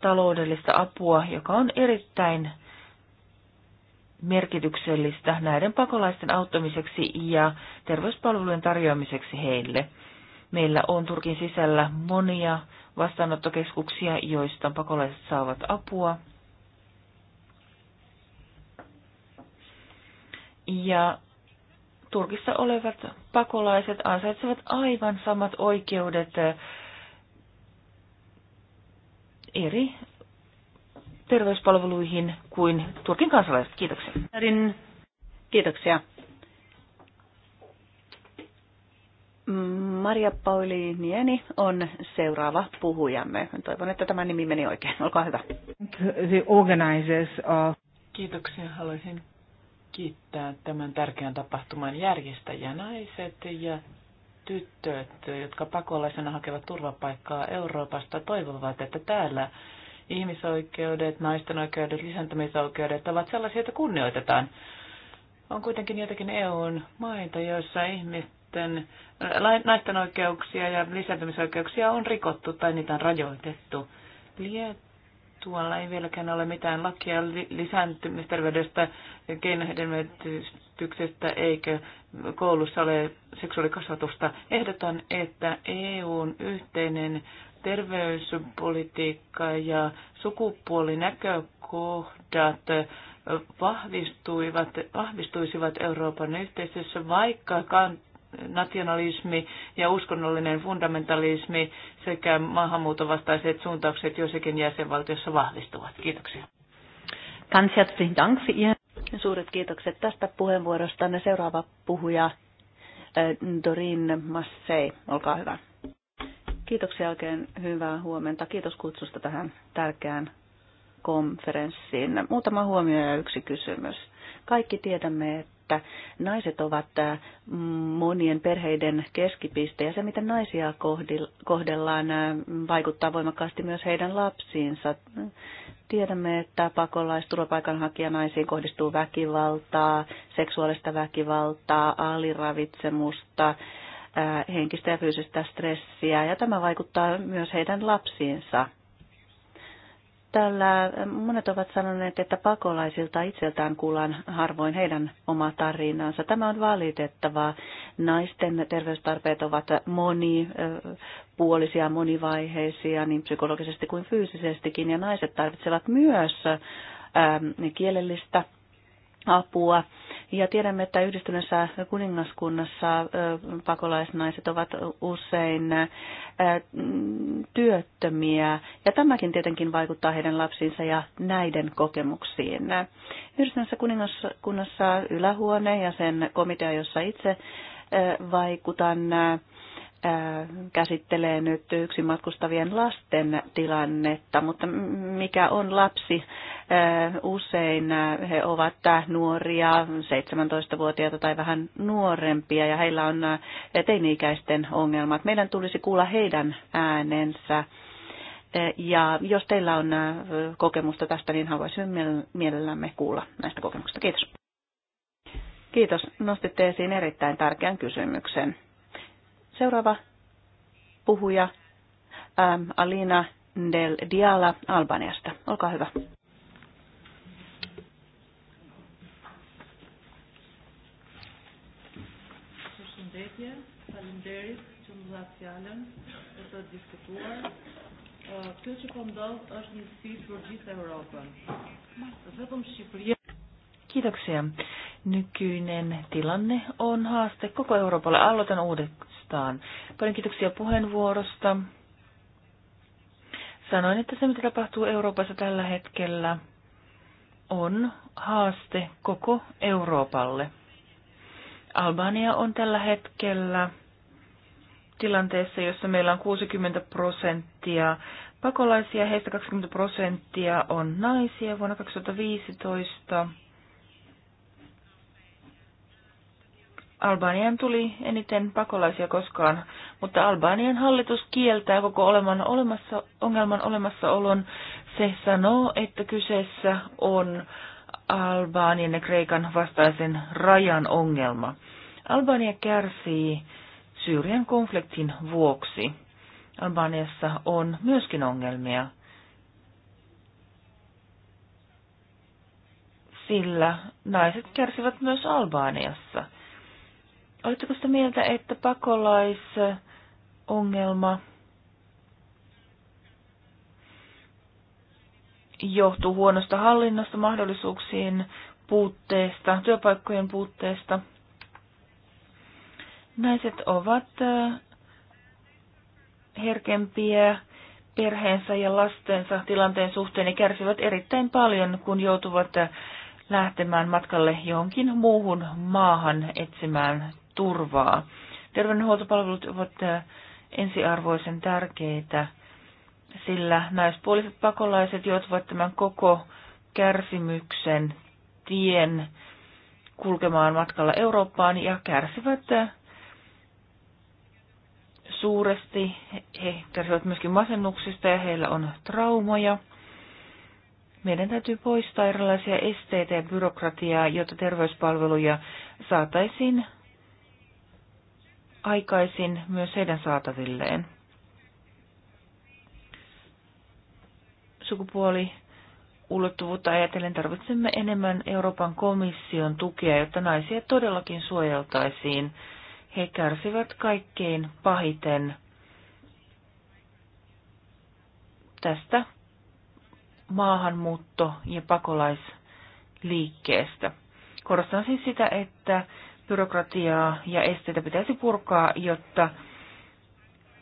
taloudellista apua, joka on erittäin merkityksellistä näiden pakolaisten auttamiseksi ja terveyspalvelujen tarjoamiseksi heille. Meillä on Turkin sisällä monia vastaanottokeskuksia, joista pakolaiset saavat apua. Ja Turkissa olevat pakolaiset ansaitsevat aivan samat oikeudet eri terveyspalveluihin kuin Turkin kansalaiset. Kiitoksia. Kiitoksia. Maria Pauli Nieni on seuraava puhujamme. Toivon, että tämä nimi meni oikein. Olkaa hyvä. The organizers of... Kiitoksia. Haluaisin kiittää tämän tärkeän tapahtuman järjestäjiä, naiset ja tyttöt, jotka pakolaisena hakevat turvapaikkaa Euroopasta, toivovat, että täällä ihmisoikeudet, naisten oikeudet, lisääntymisoikeudet ovat sellaisia, joita kunnioitetaan. On kuitenkin joitakin EUn maita, joissa ihmisten, äh, naisten oikeuksia ja lisääntymisoikeuksia on rikottu tai niitä on rajoitettu. Tuolla ei vieläkään ole mitään lakia lisääntymisterveydestä, keinohedelmätyksestä eikä koulussa ole seksuaalikasvatusta. Ehdotan, että EUn yhteinen terveyspolitiikka ja sukupuolinäkökohdat vahvistuivat, vahvistuisivat Euroopan yhteisössä, vaikka nationalismi ja uskonnollinen fundamentalismi sekä maahanmuutovastaiset suuntaukset joissakin jäsenvaltiossa vahvistuvat. Kiitoksia. Suuret kiitokset tästä puheenvuorosta. Seuraava puhuja äh, Dorin Massei, olkaa hyvä. Kiitoksia oikein hyvää huomenta. Kiitos kutsusta tähän tärkeään konferenssiin. Muutama huomio ja yksi kysymys. Kaikki tiedämme, että naiset ovat äh, monien perheiden keskipiste ja se, miten naisia kohdellaan, äh, vaikuttaa voimakkaasti myös heidän lapsiinsa. Tiedämme, että pakolais naisiin kohdistuu väkivaltaa, seksuaalista väkivaltaa, aliravitsemusta, henkistä ja fyysistä stressiä ja tämä vaikuttaa myös heidän lapsiinsa. Tällä monet ovat sanoneet, että pakolaisilta itseltään kuullaan harvoin heidän oma tarinansa. Tämä on valitettavaa. Naisten terveystarpeet ovat monipuolisia, monivaiheisia niin psykologisesti kuin fyysisestikin ja naiset tarvitsevat myös kielellistä apua. Ja tiedämme, että yhdistyneessä kuningaskunnassa pakolaisnaiset ovat usein työttömiä, ja tämäkin tietenkin vaikuttaa heidän lapsiinsa ja näiden kokemuksiin. Yhdistyneessä kuningaskunnassa ylähuone ja sen komitea, jossa itse vaikutan, käsittelee nyt yksin matkustavien lasten tilannetta, mutta mikä on lapsi usein he ovat äh, nuoria, 17-vuotiaita tai vähän nuorempia ja heillä on äh, teini-ikäisten ongelmat. Meidän tulisi kuulla heidän äänensä. Ja jos teillä on äh, kokemusta tästä, niin haluaisimme mielellämme kuulla näistä kokemuksista. Kiitos. Kiitos. Nostitte esiin erittäin tärkeän kysymyksen. Seuraava puhuja, Alina Del Diala Albaniasta. Olkaa hyvä. falemderit që më dha fjalën për të diskutuar. Kjo që po ndodh është një sfidë për gjithë Europën. Vetëm Shqipëria. Kiitoksia. Nykyinen tilanne on haaste koko Euroopalle. Aloitan e uudestaan. Paljon kiitoksia puheenvuorosta. Sanoin, että se mitä tapahtuu Euroopassa tällä hetkellä on haaste koko Euroopalle. Albania on tällä hetkellä tilanteessa, jossa meillä on 60 prosenttia pakolaisia, heistä 20 prosenttia on naisia vuonna 2015. Albanian tuli eniten pakolaisia koskaan, mutta Albanian hallitus kieltää koko oleman olemassa, ongelman olemassaolon. Se sanoo, että kyseessä on Albanian ja Kreikan vastaisen rajan ongelma. Albania kärsii Syyrian konfliktin vuoksi. Albaniassa on myöskin ongelmia, sillä naiset kärsivät myös Albaniassa. Oletteko sitä mieltä, että pakolaisongelma johtuu huonosta hallinnosta, mahdollisuuksien puutteesta, työpaikkojen puutteesta – Naiset ovat herkempiä perheensä ja lastensa tilanteen suhteen ja kärsivät erittäin paljon, kun joutuvat lähtemään matkalle johonkin muuhun maahan etsimään turvaa. Terveydenhuoltopalvelut ovat ensiarvoisen tärkeitä, sillä naispuoliset pakolaiset joutuvat tämän koko kärsimyksen tien kulkemaan matkalla Eurooppaan ja kärsivät suuresti. He kärsivät myöskin masennuksista ja heillä on traumoja. Meidän täytyy poistaa erilaisia esteitä ja byrokratiaa, jotta terveyspalveluja saataisiin aikaisin myös heidän saatavilleen. Sukupuoli ulottuvuutta ajatellen tarvitsemme enemmän Euroopan komission tukea, jotta naisia todellakin suojeltaisiin he kärsivät kaikkein pahiten tästä maahanmuutto- ja pakolaisliikkeestä. Korostan siis sitä, että byrokratiaa ja esteitä pitäisi purkaa, jotta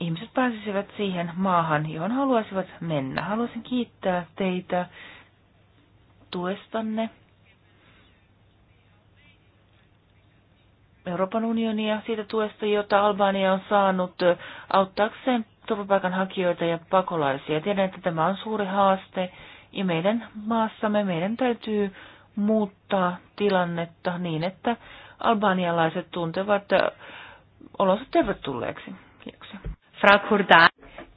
ihmiset pääsisivät siihen maahan, johon haluaisivat mennä. Haluaisin kiittää teitä tuestanne Euroopan unionia siitä tuesta, jota Albania on saanut auttaakseen turvapaikanhakijoita ja pakolaisia. Tiedän, että tämä on suuri haaste ja meidän maassamme meidän täytyy muuttaa tilannetta niin, että albanialaiset tuntevat olonsa tervetulleeksi. Kiitoksia. Frankfurta.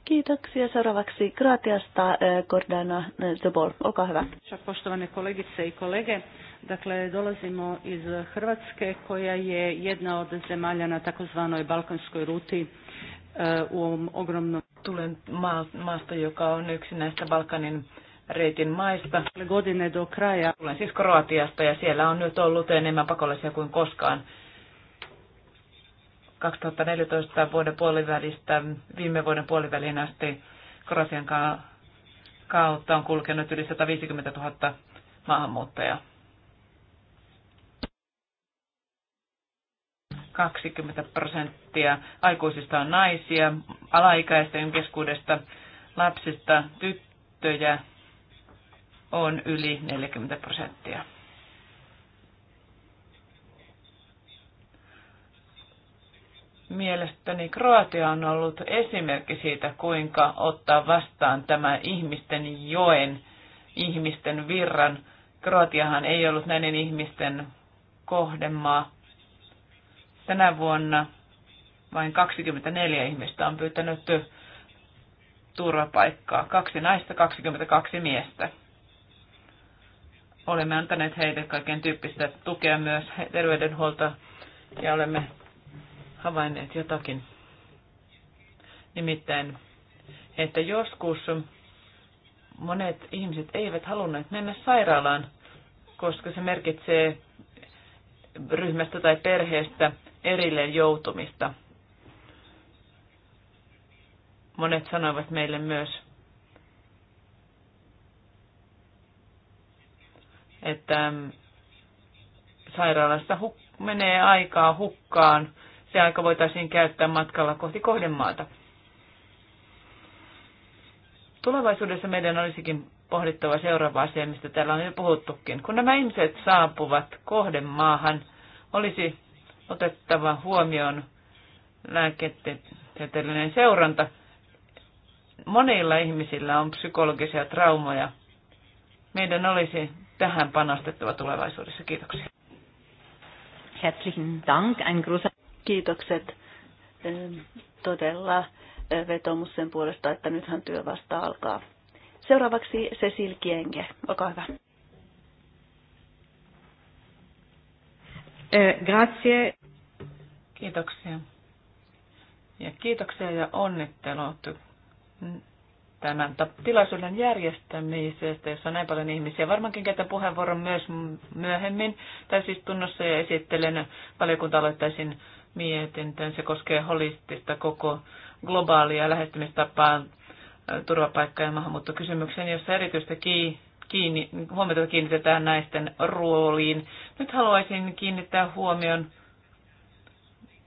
Kiitoksia. Seuraavaksi Kroatiasta eh, Gordana Zobor. Olkaa hyvä. Poštovane kolegice i kolege, Dakle, dolazimo iz Hrvatske koja je jedna od zemalja na takozvanoj balkanskoj ruti e, u ovom ogromnom... Tulen maasta, joka on yksi näistä Balkanin reitin maista. Godine do kraja. Tulen siis Kroatiasta ja siellä on nyt ollut enemmän pakolaisia kuin koskaan. 2014 vuoden puolivälistä, viime vuoden puoliväliin asti Kroatian kautta on kulkenut yli 150 000 maahanmuuttajaa. 20 prosenttia aikuisista on naisia, alaikäisten keskuudesta lapsista tyttöjä on yli 40 prosenttia. Mielestäni Kroatia on ollut esimerkki siitä, kuinka ottaa vastaan tämä ihmisten joen, ihmisten virran. Kroatiahan ei ollut näiden ihmisten kohdemaa. Tänä vuonna vain 24 ihmistä on pyytänyt turvapaikkaa. Kaksi naista, 22 miestä. Olemme antaneet heille kaiken tyyppistä tukea myös terveydenhuolta ja olemme havainneet jotakin. Nimittäin, että joskus monet ihmiset eivät halunneet mennä sairaalaan, koska se merkitsee ryhmästä tai perheestä erilleen joutumista. Monet sanoivat meille myös, että sairaalasta huk- menee aikaa hukkaan. Se aika voitaisiin käyttää matkalla kohti kohdemaata. Tulevaisuudessa meidän olisikin pohdittava seuraava asia, mistä täällä on jo puhuttukin. Kun nämä ihmiset saapuvat kohdemaahan, olisi otettava huomioon lääketieteellinen seuranta. Monilla ihmisillä on psykologisia traumoja. Meidän olisi tähän panostettava tulevaisuudessa. Kiitoksia. Herzlichen Dank, ein großer... Kiitokset. Todella eh, vetomus sen puolesta, että nythän työ vasta alkaa. Seuraavaksi Cecil Kienge, olkaa hyvä. Eh, grazie. Kiitoksia. Ja kiitoksia ja onnittelut tämän tilaisuuden järjestämisestä, jossa on näin paljon ihmisiä. Varmaankin käytän puheenvuoron myös myöhemmin täysistunnossa ja esittelen valiokunta aloittaisin mietintöön. Se koskee holistista koko globaalia lähestymistapaa turvapaikka- ja maahanmuuttokysymykseen, jossa erityistä kiinni, huomiota kiinnitetään naisten rooliin. Nyt haluaisin kiinnittää huomion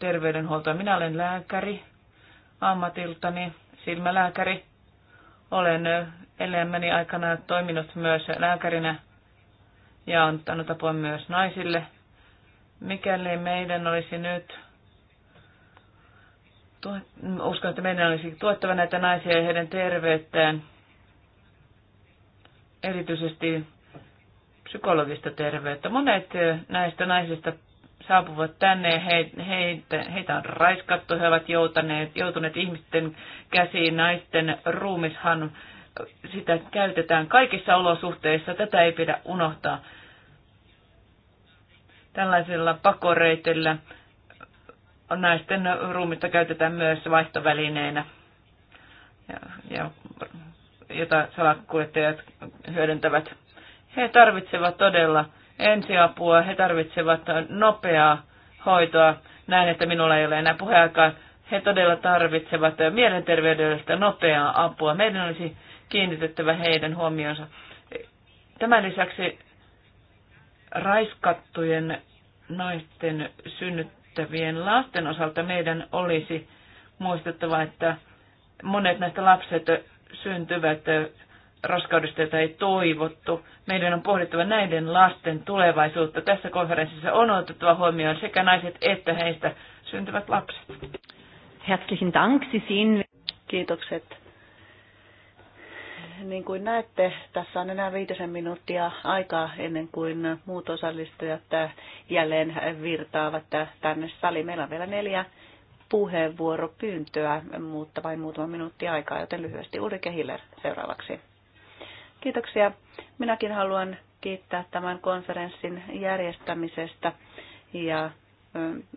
terveydenhuoltoa. Minä olen lääkäri ammatiltani, silmälääkäri. Olen elämäni aikana toiminut myös lääkärinä ja antanut apua myös naisille. Mikäli meidän olisi nyt uskon, että meidän olisi tuettava näitä naisia ja heidän terveyttään, erityisesti psykologista terveyttä. Monet näistä naisista saapuvat tänne, he, heitä, heitä on raiskattu, he ovat joutuneet, joutuneet ihmisten käsiin, naisten ruumishan, sitä käytetään kaikissa olosuhteissa, tätä ei pidä unohtaa. Tällaisilla pakoreitillä naisten ruumista käytetään myös vaihtovälineenä, ja, ja, jota salakuljettajat hyödyntävät. He tarvitsevat todella ensiapua. He tarvitsevat nopeaa hoitoa. Näin, että minulla ei ole enää puheaikaa. He todella tarvitsevat mielenterveydellistä nopeaa apua. Meidän olisi kiinnitettävä heidän huomionsa. Tämän lisäksi raiskattujen naisten synnyttävien lasten osalta meidän olisi muistettava, että monet näistä lapset syntyvät raskaudesta, jota ei toivottu. Meidän on pohdittava näiden lasten tulevaisuutta. Tässä konferenssissa on otettava huomioon sekä naiset että heistä syntyvät lapset. Herzlichen Dank, Sisin. Kiitokset. Niin kuin näette, tässä on enää viitisen minuuttia aikaa ennen kuin muut osallistujat jälleen virtaavat tänne saliin. Meillä on vielä neljä puheenvuoropyyntöä, mutta vain muutama minuutti aikaa, joten lyhyesti Ulrike Hiller seuraavaksi. Kiitoksia. Minäkin haluan kiittää tämän konferenssin järjestämisestä ja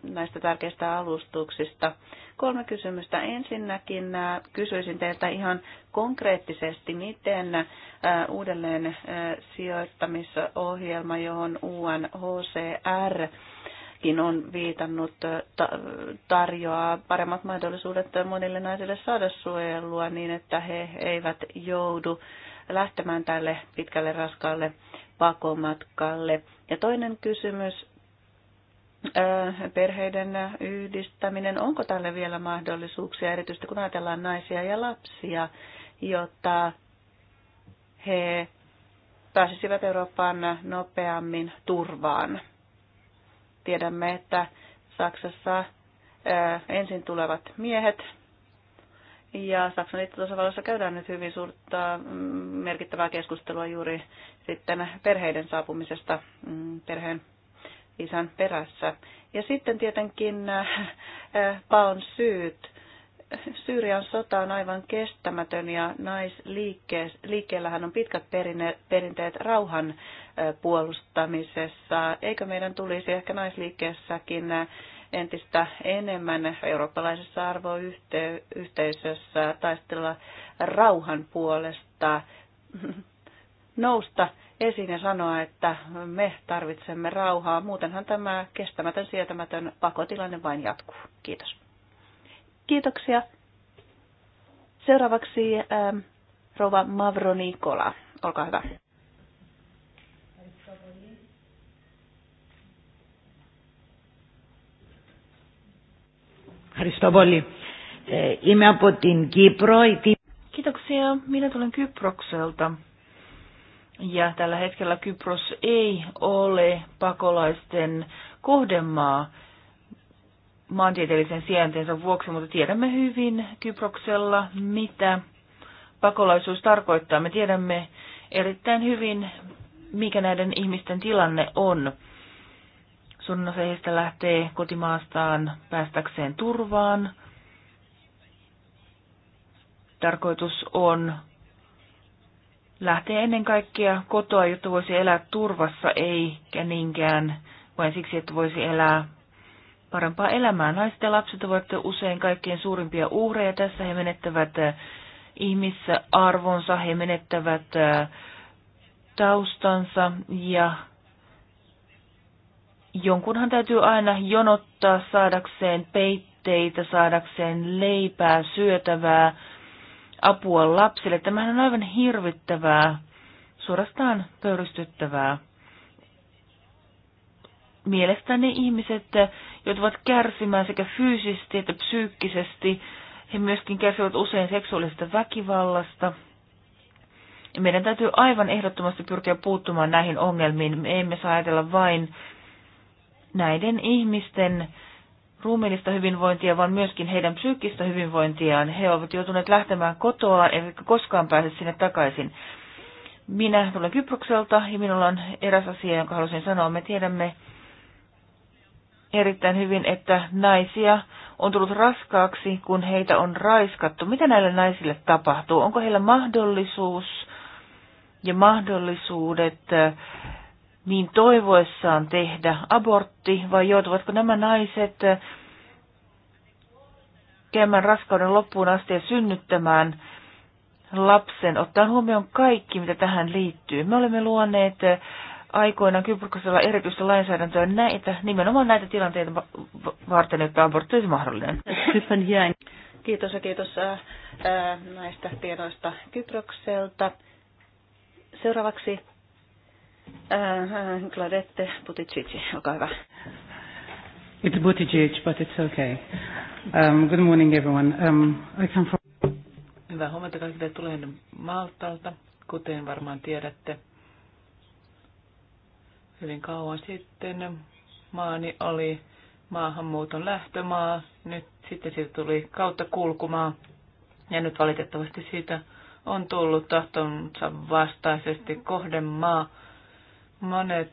näistä tärkeistä alustuksista. Kolme kysymystä. Ensinnäkin kysyisin teiltä ihan konkreettisesti, miten uudelleen sijoittamisohjelma, johon UNHCR on viitannut tarjoaa paremmat mahdollisuudet monille naisille saada suojelua niin, että he eivät joudu lähtemään tälle pitkälle raskaalle pakomatkalle. Ja toinen kysymys, perheiden yhdistäminen, onko tälle vielä mahdollisuuksia, erityisesti kun ajatellaan naisia ja lapsia, jotta he pääsisivät Eurooppaan nopeammin turvaan. Tiedämme, että Saksassa ensin tulevat miehet ja Saksan liittotasavallassa käydään nyt hyvin suurta mm, merkittävää keskustelua juuri sitten perheiden saapumisesta mm, perheen isän perässä. Ja sitten tietenkin äh, äh, paon syyt. Syyrian sota on aivan kestämätön ja naisliikkeellähän on pitkät perinteet rauhan äh, puolustamisessa. Eikö meidän tulisi ehkä naisliikkeessäkin entistä enemmän eurooppalaisessa arvoyhteisössä taistella rauhan puolesta, nousta esiin ja sanoa, että me tarvitsemme rauhaa. Muutenhan tämä kestämätön, sietämätön pakotilanne vain jatkuu. Kiitos. Kiitoksia. Seuraavaksi ähm, rouva Mavro Nikola. Olkaa hyvä. Ευχαριστώ πολύ. Είμαι από την Κύπρο. Kiitoksia. Minä tulen Kyprokselta. Ja tällä hetkellä Kypros ei ole pakolaisten kohdemaa maantieteellisen sijaintensa vuoksi, mutta tiedämme hyvin Kyproksella, mitä pakolaisuus tarkoittaa. Me tiedämme erittäin hyvin, mikä näiden ihmisten tilanne on sunna osa heistä lähtee kotimaastaan päästäkseen turvaan. Tarkoitus on lähteä ennen kaikkea kotoa, jotta voisi elää turvassa, eikä niinkään vain siksi, että voisi elää parempaa elämää. Naiset ja lapset ovat usein kaikkein suurimpia uhreja. Tässä he menettävät äh, ihmisarvonsa, he menettävät äh, taustansa ja jonkunhan täytyy aina jonottaa saadakseen peitteitä, saadakseen leipää, syötävää, apua lapsille. Tämähän on aivan hirvittävää, suorastaan pöyristyttävää. Mielestäni ihmiset jotka ovat kärsimään sekä fyysisesti että psyykkisesti. He myöskin kärsivät usein seksuaalista väkivallasta. Meidän täytyy aivan ehdottomasti pyrkiä puuttumaan näihin ongelmiin. Me emme saa ajatella vain näiden ihmisten ruumiillista hyvinvointia, vaan myöskin heidän psyykkistä hyvinvointiaan. He ovat joutuneet lähtemään kotoa, eivätkä koskaan pääse sinne takaisin. Minä tulen Kyprokselta ja minulla on eräs asia, jonka halusin sanoa. Me tiedämme erittäin hyvin, että naisia on tullut raskaaksi, kun heitä on raiskattu. Mitä näille naisille tapahtuu? Onko heillä mahdollisuus ja mahdollisuudet äh, niin toivoessaan tehdä abortti, vai joutuvatko nämä naiset eh, käymään raskauden loppuun asti ja synnyttämään lapsen, ottaen huomioon kaikki, mitä tähän liittyy. Me olemme luoneet eh, aikoinaan Kyprokosella erityistä lainsäädäntöä näitä, nimenomaan näitä tilanteita varten, että abortti olisi mahdollinen. Kiitos ja kiitos eh, näistä tiedoista Kyprokselta. Seuraavaksi Uh, äh, Gladette äh, Buttigieg, olkaa hyvä. It's Buttigieg, but it's okay. Um, good morning everyone. Um, I come from... Hyvää huomenta kaikille. Tulen Maltalta, kuten varmaan tiedätte. Hyvin kauan sitten maani oli maahanmuuton lähtömaa. Nyt sitten siitä tuli kautta kulkumaa. Ja nyt valitettavasti siitä on tullut tahtonsa vastaisesti kohdemaa. maa Monet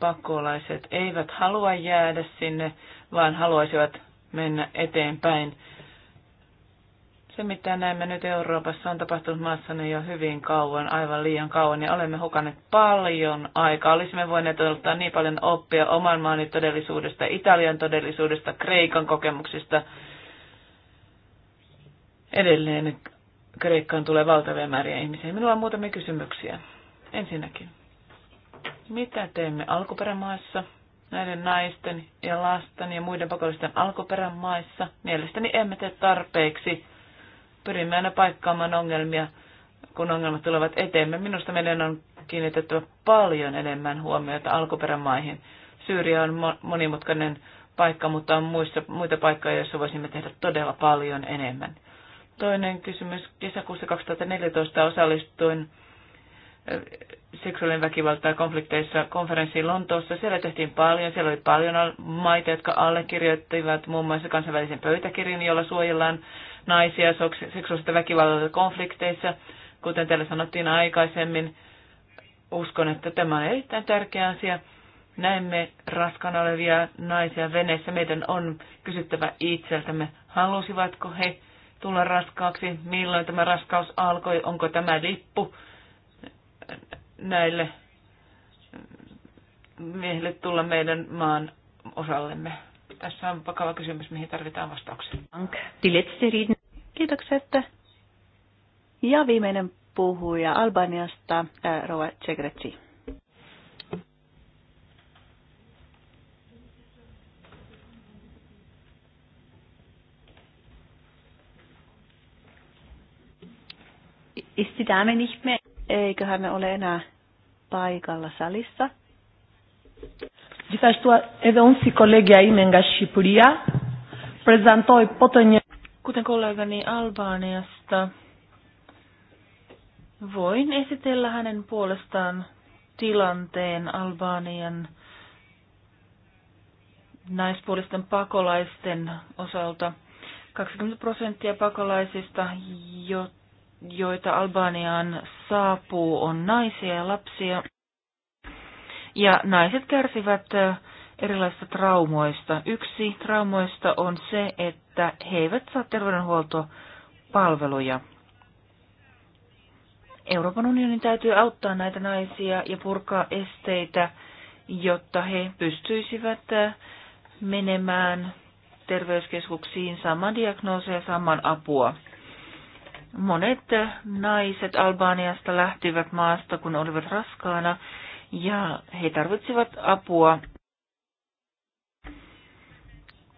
pakolaiset eivät halua jäädä sinne, vaan haluaisivat mennä eteenpäin. Se, mitä näemme nyt Euroopassa, on tapahtunut maassani jo hyvin kauan, aivan liian kauan, ja olemme hukanneet paljon aikaa. Olisimme voineet ottaa niin paljon oppia oman maani todellisuudesta, Italian todellisuudesta, Kreikan kokemuksista. Edelleen Kreikkaan tulee valtavia määriä ihmisiä. Minulla on muutamia kysymyksiä. Ensinnäkin. Mitä teemme alkuperämaissa näiden naisten ja lasten ja muiden pakollisten alkuperämaissa? Mielestäni emme tee tarpeeksi. Pyrimme aina paikkaamaan ongelmia, kun ongelmat tulevat eteemme. Minusta meidän on kiinnitettävä paljon enemmän huomiota alkuperämaihin. Syyria on monimutkainen paikka, mutta on muissa, muita paikkoja, joissa voisimme tehdä todella paljon enemmän. Toinen kysymys. Kesäkuussa 2014 osallistuin seksuaalinen ja konflikteissa konferenssi Lontoossa. Siellä tehtiin paljon, siellä oli paljon maita, jotka allekirjoittivat muun muassa kansainvälisen pöytäkirjan, jolla suojellaan naisia seksuaalista väkivallalta konflikteissa. Kuten teille sanottiin aikaisemmin, uskon, että tämä on erittäin tärkeä asia. Näemme raskana olevia naisia veneessä. Meidän on kysyttävä itseltämme, halusivatko he tulla raskaaksi, milloin tämä raskaus alkoi, onko tämä lippu, näille miehille tulla meidän maan osallemme? Tässä on vakava kysymys, mihin tarvitaan vastauksia. että... Ja viimeinen puhuja Albaniasta, äh, Rova Cegretsi. Ist die Dame nicht mehr Eiköhän me ole enää paikalla salissa. Kuten kollegani Albaniasta, voin esitellä hänen puolestaan tilanteen Albanian naispuolisten pakolaisten osalta. 20 prosenttia pakolaisista, jotka joita Albaniaan saapuu, on naisia ja lapsia. Ja naiset kärsivät äh, erilaisista traumoista. Yksi traumoista on se, että he eivät saa terveydenhuoltopalveluja. Euroopan unionin täytyy auttaa näitä naisia ja purkaa esteitä, jotta he pystyisivät äh, menemään terveyskeskuksiin saamaan diagnooseja ja saamaan apua. Monet naiset Albaniasta lähtivät maasta, kun olivat raskaana, ja he tarvitsivat apua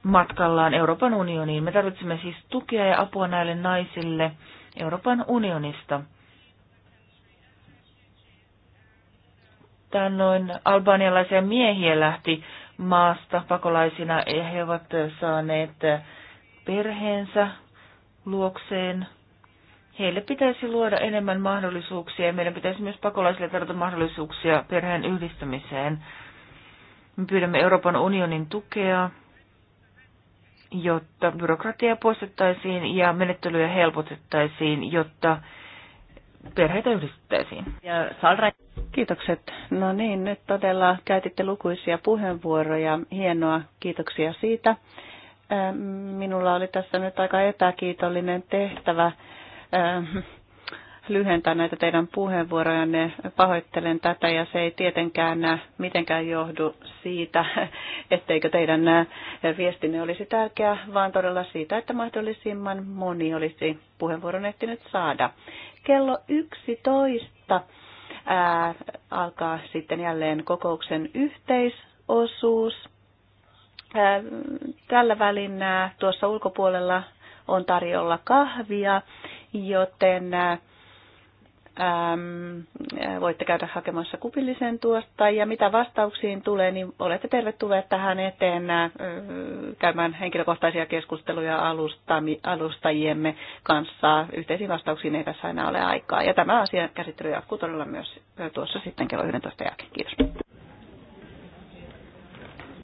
matkallaan Euroopan unioniin. Me tarvitsemme siis tukea ja apua näille naisille Euroopan unionista. noin albanialaisia miehiä lähti maasta pakolaisina ja he ovat saaneet perheensä luokseen heille pitäisi luoda enemmän mahdollisuuksia ja meidän pitäisi myös pakolaisille tarjota mahdollisuuksia perheen yhdistämiseen. Me pyydämme Euroopan unionin tukea, jotta byrokratia poistettaisiin ja menettelyjä helpotettaisiin, jotta perheitä yhdistettäisiin. Kiitokset. No niin, nyt todella käytitte lukuisia puheenvuoroja. Hienoa, kiitoksia siitä. Minulla oli tässä nyt aika epäkiitollinen tehtävä Ähm, lyhentää näitä teidän puheenvuorojanne. Pahoittelen tätä ja se ei tietenkään äh, mitenkään johdu siitä, etteikö teidän äh, viestinne olisi tärkeä, vaan todella siitä, että mahdollisimman moni olisi puheenvuoron ehtinyt saada. Kello 11 ää, äh, alkaa sitten jälleen kokouksen yhteisosuus. Ää, tällä välin tuossa ulkopuolella on tarjolla kahvia joten äm, voitte käydä hakemassa kupillisen tuosta. Ja mitä vastauksiin tulee, niin olette tervetulleet tähän eteen äh, käymään henkilökohtaisia keskusteluja alustajiemme kanssa. Yhteisiin vastauksiin ei tässä aina ole aikaa. Ja tämä asian käsittely jatkuu todella myös tuossa sitten kello 11 jälkeen. Kiitos.